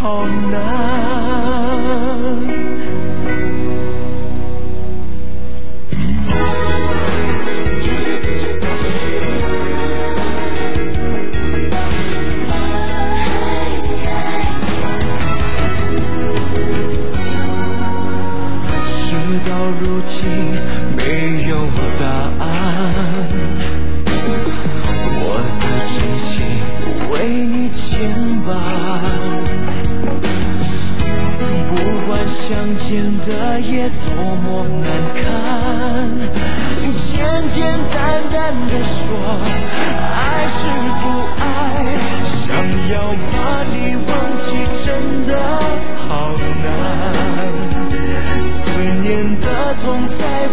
好難。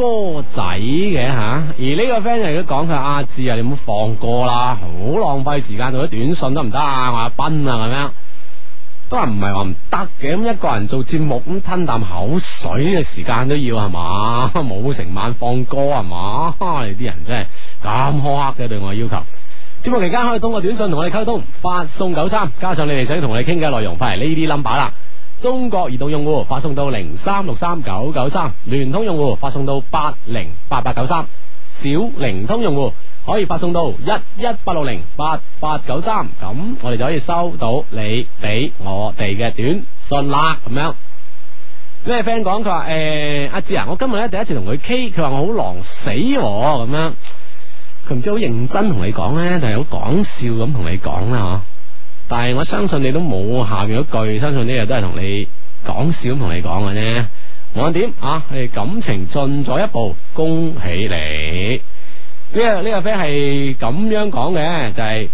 歌仔嘅吓、啊，而呢個 friend 又如果講佢阿志啊，智你唔好放歌啦，好浪費時間同啲短信得唔得啊？我阿斌啊，咁樣都話唔係話唔得嘅，咁、啊、一個人做節目咁吞啖口水嘅時間都要係嘛，冇 <laughs> 成晚放歌係嘛、啊？你啲人真係咁苛刻嘅對我要求，節目期間可以通過短信同我哋溝通，發送九三，加上你哋想同我哋傾嘅內容，返嚟呢啲 number 啦。中國移動用戶發送到零三六三九九三，聯通用戶發送到八零八八九三，小靈通用戶可以發送到一一八六零八八九三，咁我哋就可以收到你俾我哋嘅短信啦。咁樣，咩 friend 講？佢話，誒，阿、欸、志啊，啊，我今日咧第一次同佢 K，佢話我好狼死我咁樣，佢唔知好認真同你講咧，定係好講笑咁同你講啦吓。但係我相信你都冇下面嗰句，相信啲嘢都係同你講笑咁同你講嘅咧。冇得點啊！你感情進咗一步，恭喜你！呢個呢個 friend 係咁樣講嘅，就係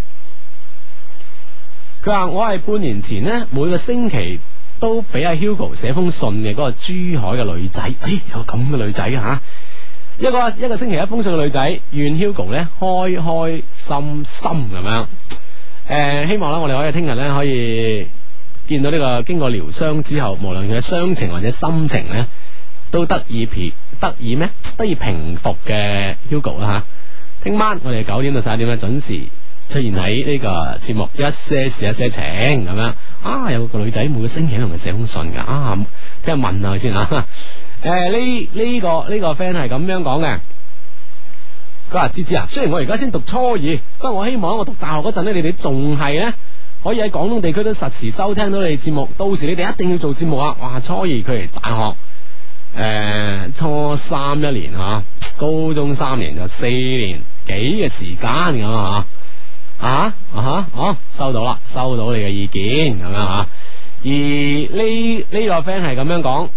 佢話我係半年前咧，每個星期都俾阿 Hugo 寫封信嘅嗰個珠海嘅女仔。哎，有咁嘅女仔啊吓！一個一個星期一封信嘅女仔，願 Hugo 咧開開心心咁樣。誒、呃，希望咧，我哋可以聽日咧可以見到呢，這個經過療傷之後，無論佢嘅傷情或者心情咧，都得以平得以咩得以平復嘅 Hugo 啦吓。聽晚我哋九點到十點咧準時出現喺呢個節目，一些事一些情咁樣。啊，有個女仔每個星期同佢寫封信噶啊，聽日問下佢先吓。誒、啊，呢呢、這個呢、這個 friend 係咁樣講嘅。佢話芝芝啊，雖然我而家先讀初二，不過我希望我讀大學嗰陣呢，你哋仲係呢，可以喺廣東地區都實時收聽到你節目。到時你哋一定要做節目啊！哇，初二佢嚟大學，誒、呃，初三一年吓、啊，高中三年就四年幾嘅時間咁啊吓，啊啊啊，啊，啊，收到啦，收到你嘅意見咁樣吓、啊。而呢呢、呢個 friend 係咁樣講。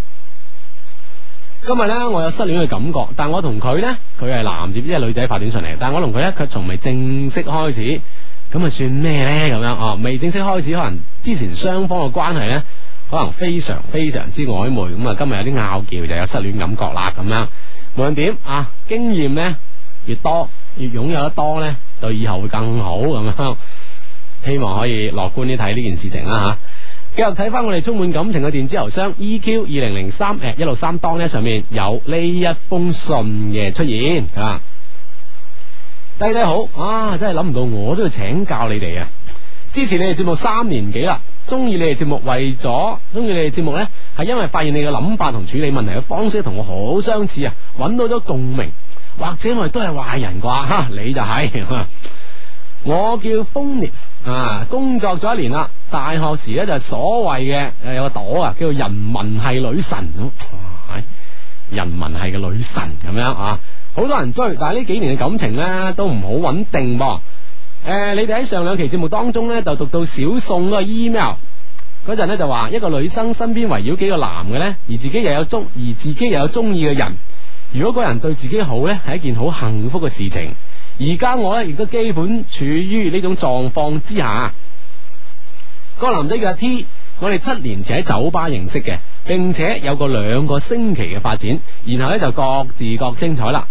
今日呢，我有失戀嘅感覺，但我同佢呢，佢係男接，即係女仔發短信嚟，但我同佢呢，卻從未正式開始，咁啊算咩呢？咁樣哦，未正式開始，可能之前雙方嘅關係呢，可能非常非常之曖昧，咁啊今日有啲拗撬，就有失戀感覺啦，咁樣，無論點啊，經驗呢越多，越擁有得多呢，對以後會更好咁樣，希望可以樂觀啲睇呢件事情啦吓。啊又睇翻我哋充滿感情嘅電子郵箱 E Q 二零零三、誒一六三、當咧，上面有呢一封信嘅出現低低。啊弟弟，好啊，真係諗唔到我都要請教你哋啊，支持你哋節目三年幾啦，中意你哋節目，為咗中意你哋節目呢，係因為發現你嘅諗法同處理問題嘅方式同我好相似啊，揾到咗共鳴，或者我哋都係壞人啩。吓你就係、是我叫 Fonix 啊，工作咗一年啦。大學時咧就係、所謂嘅誒有個朵啊，叫做人、哎人民係女神咁。哇，人民係嘅女神咁樣啊，好、啊、多人追。但係呢幾年嘅感情咧都唔好穩定。誒、啊，你哋喺上兩期節目當中咧就讀到小宋嗰個 email 嗰陣咧就話一個女生身邊圍繞幾個男嘅咧，而自己又有中而自己又有中意嘅人。如果個人對自己好咧，係一件好幸福嘅事情。而家我咧，亦都基本處於呢種狀況之下。個男仔叫阿 T，我哋七年前喺酒吧認識嘅，並且有個兩個星期嘅發展，然後咧就各自各精彩啦。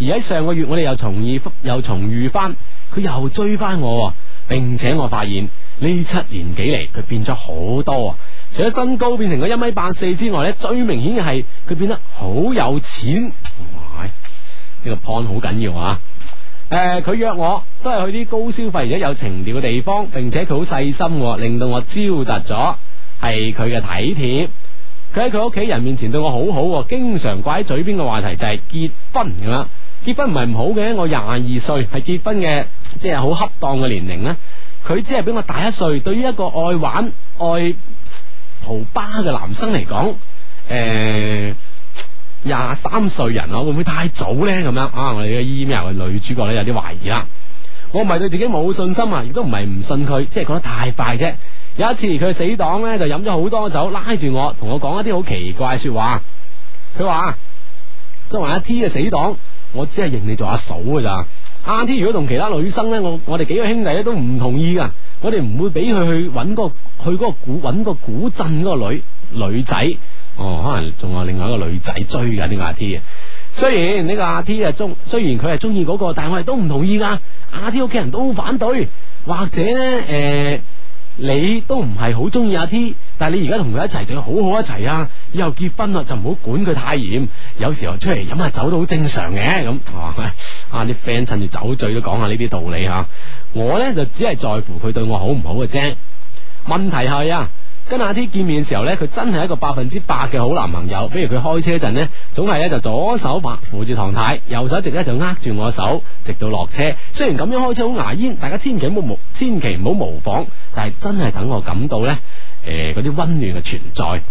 而喺上個月，我哋又重遇，又重遇翻佢，又追翻我。並且我發現呢七年幾嚟佢變咗好多啊！除咗身高變成個一米八四之外咧，最明顯嘅係佢變得好有錢。哇！呢個 point 好緊要啊！誒，佢約我都係去啲高消費而且有情調嘅地方，並且佢好細心喎，令到我招突咗係佢嘅體貼。佢喺佢屋企人面前對我好好喎，經常掛喺嘴邊嘅話題就係結婚咁啦。結婚唔係唔好嘅，我廿二歲係結婚嘅，即係好恰當嘅年齡啦。佢只係比我大一歲，對於一個愛玩愛蒲吧嘅男生嚟講，誒。廿三歲人啊，會唔會太早咧？咁樣啊，我哋嘅 email 嘅女主角咧，有啲懷疑啦。我唔係對自己冇信心啊，亦都唔係唔信佢，即係講得太快啫。有一次佢死黨咧，就飲咗好多酒，拉住我同我講一啲好奇怪說話。佢話，作為阿 T 嘅死黨，我只係認你做阿嫂噶咋。阿 T 如果同其他女生咧，我我哋幾個兄弟都唔同意噶。我哋唔會俾佢去搵個去嗰個古搵個古鎮嗰個女女仔。哦，Ooh, 可能仲有另外一個女仔追噶呢個阿 T 啊，雖然呢個阿 T 啊中，source 雖然佢係中意嗰個，但係我哋都唔同意噶。阿 T 屋企人都反對，或者呢，誒、呃，你都唔係好中意阿 T，但係你而家同佢一齊就要好好一齊啊，以後結婚啊就唔好管佢太嚴，有時候出嚟飲下酒都好正常嘅咁。啊啲、啊啊、friend 趁住酒醉都講下呢啲道理吓，我呢，就只係在乎佢對我好唔好嘅啫。問題係啊。跟阿 T 見面時候呢，佢真係一個百分之百嘅好男朋友。比如佢開車陣呢，總係咧就左手拍扶住唐太，右手一直咧就握住我手，直到落車。雖然咁樣開車好牙煙，大家千祈唔好，千祈唔好模仿。但係真係等我感到呢，誒嗰啲温暖嘅存在。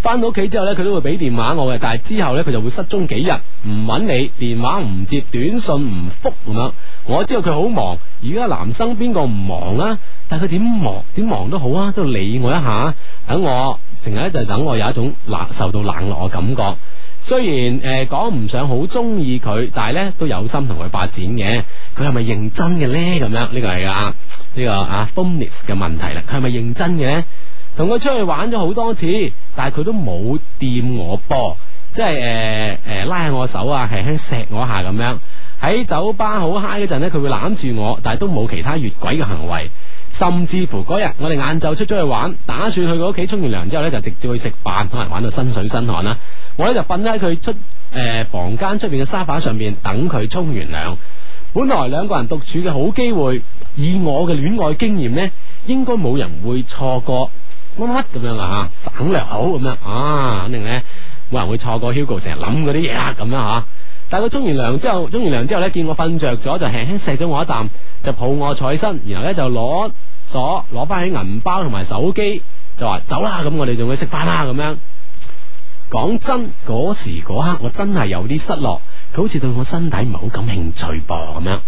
翻到屋企之後呢，佢都會俾電話我嘅。但係之後呢，佢就會失蹤幾日，唔揾你，電話唔接，短信唔復咁樣。我知道佢好忙，而家男生邊個唔忙啊？但佢點忙點忙都好啊，都理我一下。等我成日咧就等我有一種冷受到冷落嘅感覺。雖然誒講唔上好中意佢，但係咧都有心同佢發展嘅。佢係咪認真嘅呢？咁樣呢、呢個係噶呢個啊，bonus 嘅問題啦，佢係咪認真嘅呢？同佢出去玩咗好多次，但係佢都冇掂我波，即係誒誒拉下我手啊，係輕輕錫我一下咁樣，喺酒吧好嗨嗰陣呢，佢會攬住我，但係都冇其他越軌嘅行為。甚至乎嗰日我哋晏晝出咗去玩，打算去佢屋企沖完涼之後咧，就直接去食飯，可能玩到身水身汗啦。我咧就瞓喺佢出誒、呃、房間出邊嘅沙發上邊等佢沖完涼。本來兩個人獨處嘅好機會，以我嘅戀愛經驗咧，應該冇人會錯過乜乜咁樣啊，省略好咁樣啊，肯定咧冇人會錯過 Hugo 成日諗嗰啲嘢啦，咁樣吓。啊但佢沖完涼之後，沖完涼之後咧，見我瞓着咗，就輕輕錫咗我一啖，就抱我坐起身，然後咧就攞咗攞翻起銀包同埋手機，就話走啦，咁我哋仲去食飯啦，咁樣。講真，嗰時嗰刻我真係有啲失落，佢好似對我身體唔係好感興趣噃，咁樣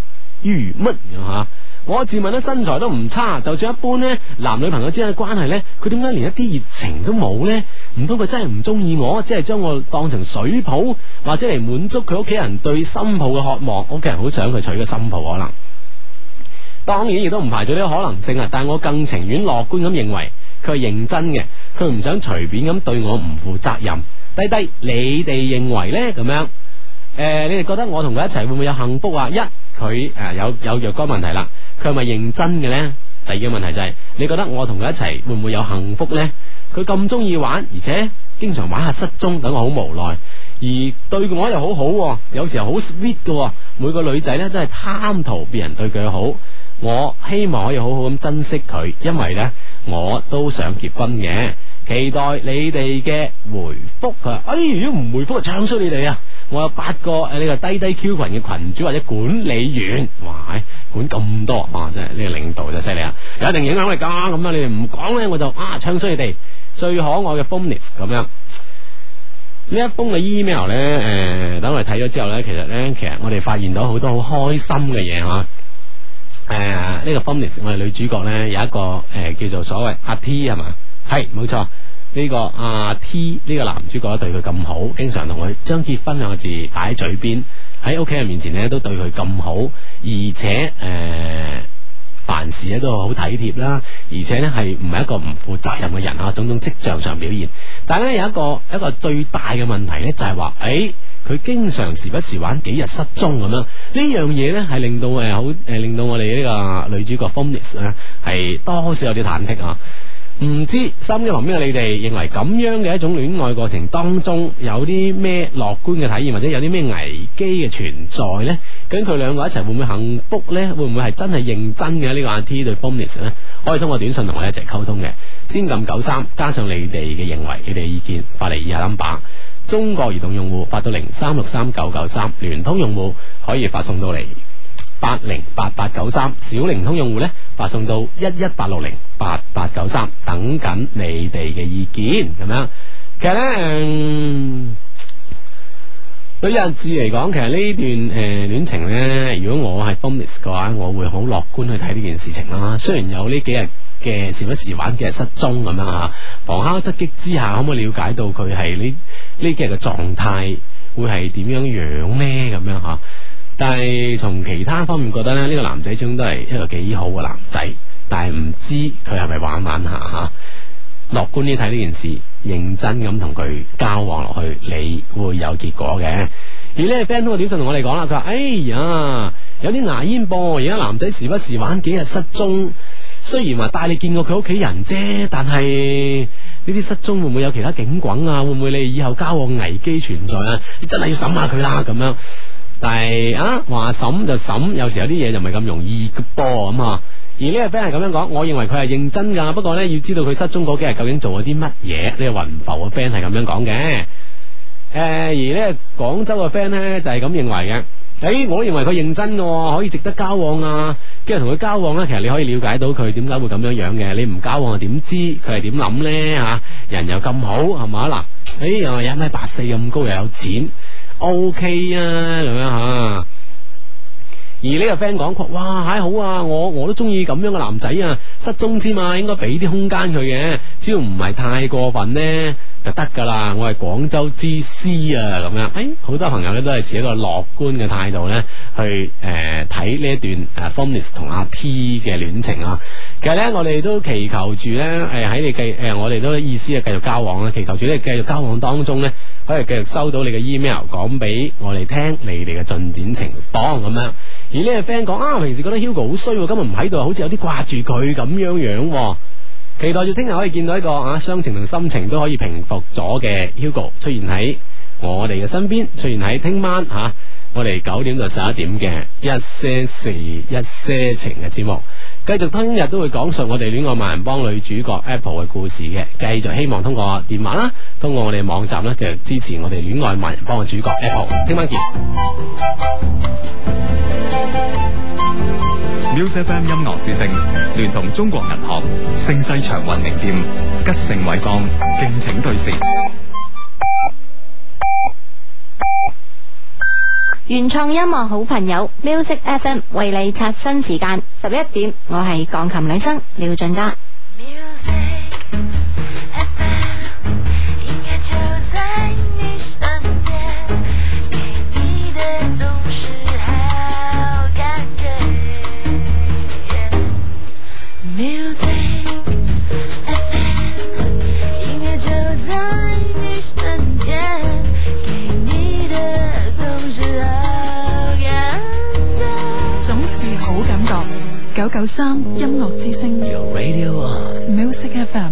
郁乜？嘅吓。嗯我自問咧身材都唔差，就算一般咧男女朋友之間嘅關係咧，佢點解連一啲熱情都冇呢？唔通佢真係唔中意我，即係將我當成水泡，或者嚟滿足佢屋企人對心抱嘅渴望？屋企人好想佢娶個心抱可能。當然亦都唔排除呢個可能性啊！但係我更情願樂觀咁認為佢係認真嘅，佢唔想隨便咁對我唔負責任。弟弟，你哋認為呢？咁樣？誒、呃，你哋覺得我同佢一齊會唔會有幸福啊？一佢誒有有若干問題啦，佢係咪認真嘅呢？第二個問題就係你覺得我同佢一齊會唔會有幸福呢？佢咁中意玩，而且經常玩下失蹤，等我好無奈。而對我又好好，有時候好 sweet 嘅。每個女仔呢都係貪圖別人對佢好。我希望可以好好咁珍惜佢，因為呢我都想結婚嘅。期待你哋嘅回覆啊！哎，如果唔回覆，唱衰你哋啊！我有八個誒呢個低低 Q 群嘅群主或者管理員，哇，管咁多啊！真係呢、呢個領導就犀利啊，有一定影響力噶咁啊，你哋唔講咧，我就啊唱衰你哋。最可愛嘅 Fonness 咁樣，呢一封嘅 email 咧，誒、呃，等我哋睇咗之後咧，其實咧，其實我哋發現到好多好開心嘅嘢吓。誒、啊、呢、呃呢個 Fonness 我哋女主角咧有一個誒、呃、叫做所謂阿 T 係嘛，係冇錯。呢、這個阿、啊、T 呢個男主角對佢咁好，經常同佢將結婚兩個字擺喺嘴邊，喺屋企人面前咧都對佢咁好，而且誒、呃、凡事咧都好體貼啦，而且呢係唔係一個唔負責任嘅人啊？種種跡象上表現。但係咧有一個一個最大嘅問題呢，就係、是、話，誒佢經常時不時玩幾日失蹤咁樣，呢樣嘢呢，係令到誒好誒令到我哋呢個女主角 Famous 咧係多少有啲忐忑啊。唔知心一旁邊嘅你哋認為咁樣嘅一種戀愛過程當中有啲咩樂觀嘅體驗，或者有啲咩危機嘅存在呢？咁佢兩個一齊會唔會幸福呢？會唔會係真係認真嘅呢個阿 T 對 Bonus 呢？可以通過短信同我哋一齊溝通嘅，先撳九三，加上你哋嘅認為，你哋嘅意見發嚟以下 number。中國移動用戶發到零三六三九九三，聯通用戶可以發送到嚟。八零八八九三，93, 小靈通用戶呢，發送到一一八六零八八九三，等緊你哋嘅意見咁樣。其實呢，嗯、對日志嚟講，其實呢段誒戀、呃、情呢，如果我係 f o n u s 嘅話，我會好樂觀去睇呢件事情啦。雖然有呢幾日嘅時不時玩幾日失蹤咁樣吓，旁敲側擊之下，可唔可以了解到佢係呢呢幾日嘅狀態會係點樣樣呢？咁樣吓。啊但係從其他方面覺得咧，呢、這個男仔仲都係一個幾好嘅男仔，但係唔知佢係咪玩玩下吓。樂、啊、觀啲睇呢件事，認真咁同佢交往落去，你會有結果嘅。而呢個 friend 通過短信同我哋講啦，佢話：哎呀，有啲牙煙噃、啊，而家男仔時不時玩幾日失蹤。雖然話帶你見過佢屋企人啫，但係呢啲失蹤會唔會有其他警棍啊？會唔會你以後交往危機存在啊？你真係要審下佢啦，咁樣。但係啊，話審就審，有時有啲嘢，就唔係咁容易嘅噃。咁啊。而呢個 friend 係咁樣講，我認為佢係認真噶。不過呢，要知道佢失蹤嗰幾日究竟做咗啲乜嘢。呢、這個雲浮嘅 friend 係咁樣講嘅。誒、呃，而呢廣州嘅 friend 呢，就係、是、咁認為嘅。誒、欸，我認為佢認真嘅，可以值得交往啊。跟住同佢交往呢，其實你可以了解到佢點解會咁樣樣嘅。你唔交往又點知佢係點諗呢？吓、啊，人又咁好係嘛嗱？誒，又一米八四咁高，又有錢。OK 啊，咁樣吓，而呢個 friend 講哇，唉、哎、好啊，我我都中意咁樣嘅男仔啊，失蹤之嘛，應該俾啲空間佢嘅，只要唔係太過分呢，就得噶啦。我係廣州之師啊，咁樣，誒、哎，好多朋友呢都係持一個樂觀嘅態度呢去誒睇呢一段誒 Fonis 同阿 T 嘅戀情啊。其實呢，我哋都祈求住呢，係喺你繼誒、呃，我哋都意思啊，繼續交往啦。祈求住呢繼續交往當中呢。可以繼續收到你嘅 email，講俾我哋聽你哋嘅進展情況咁樣。而呢個 friend 講啊，平時覺得 Hugo 好衰，今日唔喺度，好似有啲掛住佢咁樣樣。期待住聽日可以見到一個啊，傷情同心情都可以平復咗嘅 Hugo 出現喺我哋嘅身邊，出現喺聽晚吓，啊、我哋九點到十一點嘅一些事、一些情嘅節目。繼續聽日都會講述我哋戀愛萬人幫女主角 Apple 嘅故事嘅，繼續希望通過電話啦，通過我哋網站咧，繼續支持我哋戀愛萬人幫嘅主角 Apple。聽晚見。Music FM 音樂之聲，聯同中國銀行盛世長雲名店吉盛偉邦敬請對視。原創音樂好朋友 Music FM 為你刷新時間十一點，我係鋼琴女生廖俊嘉。Music FM 音樂就在你身邊，給你的總是好感覺。Music FM 音樂就在你身邊總是好感覺。九九三音樂之聲。Your radio on, music FM。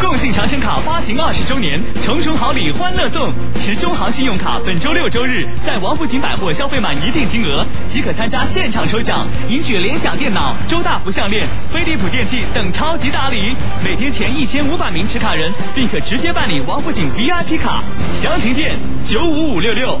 共慶長城卡發行二十周年，重重好禮歡樂送。持中行信用卡本周六周日在王府井百貨消費滿一定金額，即可參加現場抽獎，贏取聯想電腦、周大福項鏈、飛利浦電器等超級大禮。每天前一千五百名持卡人，並可直接辦理王府井 VIP 卡。詳情電九五五六六。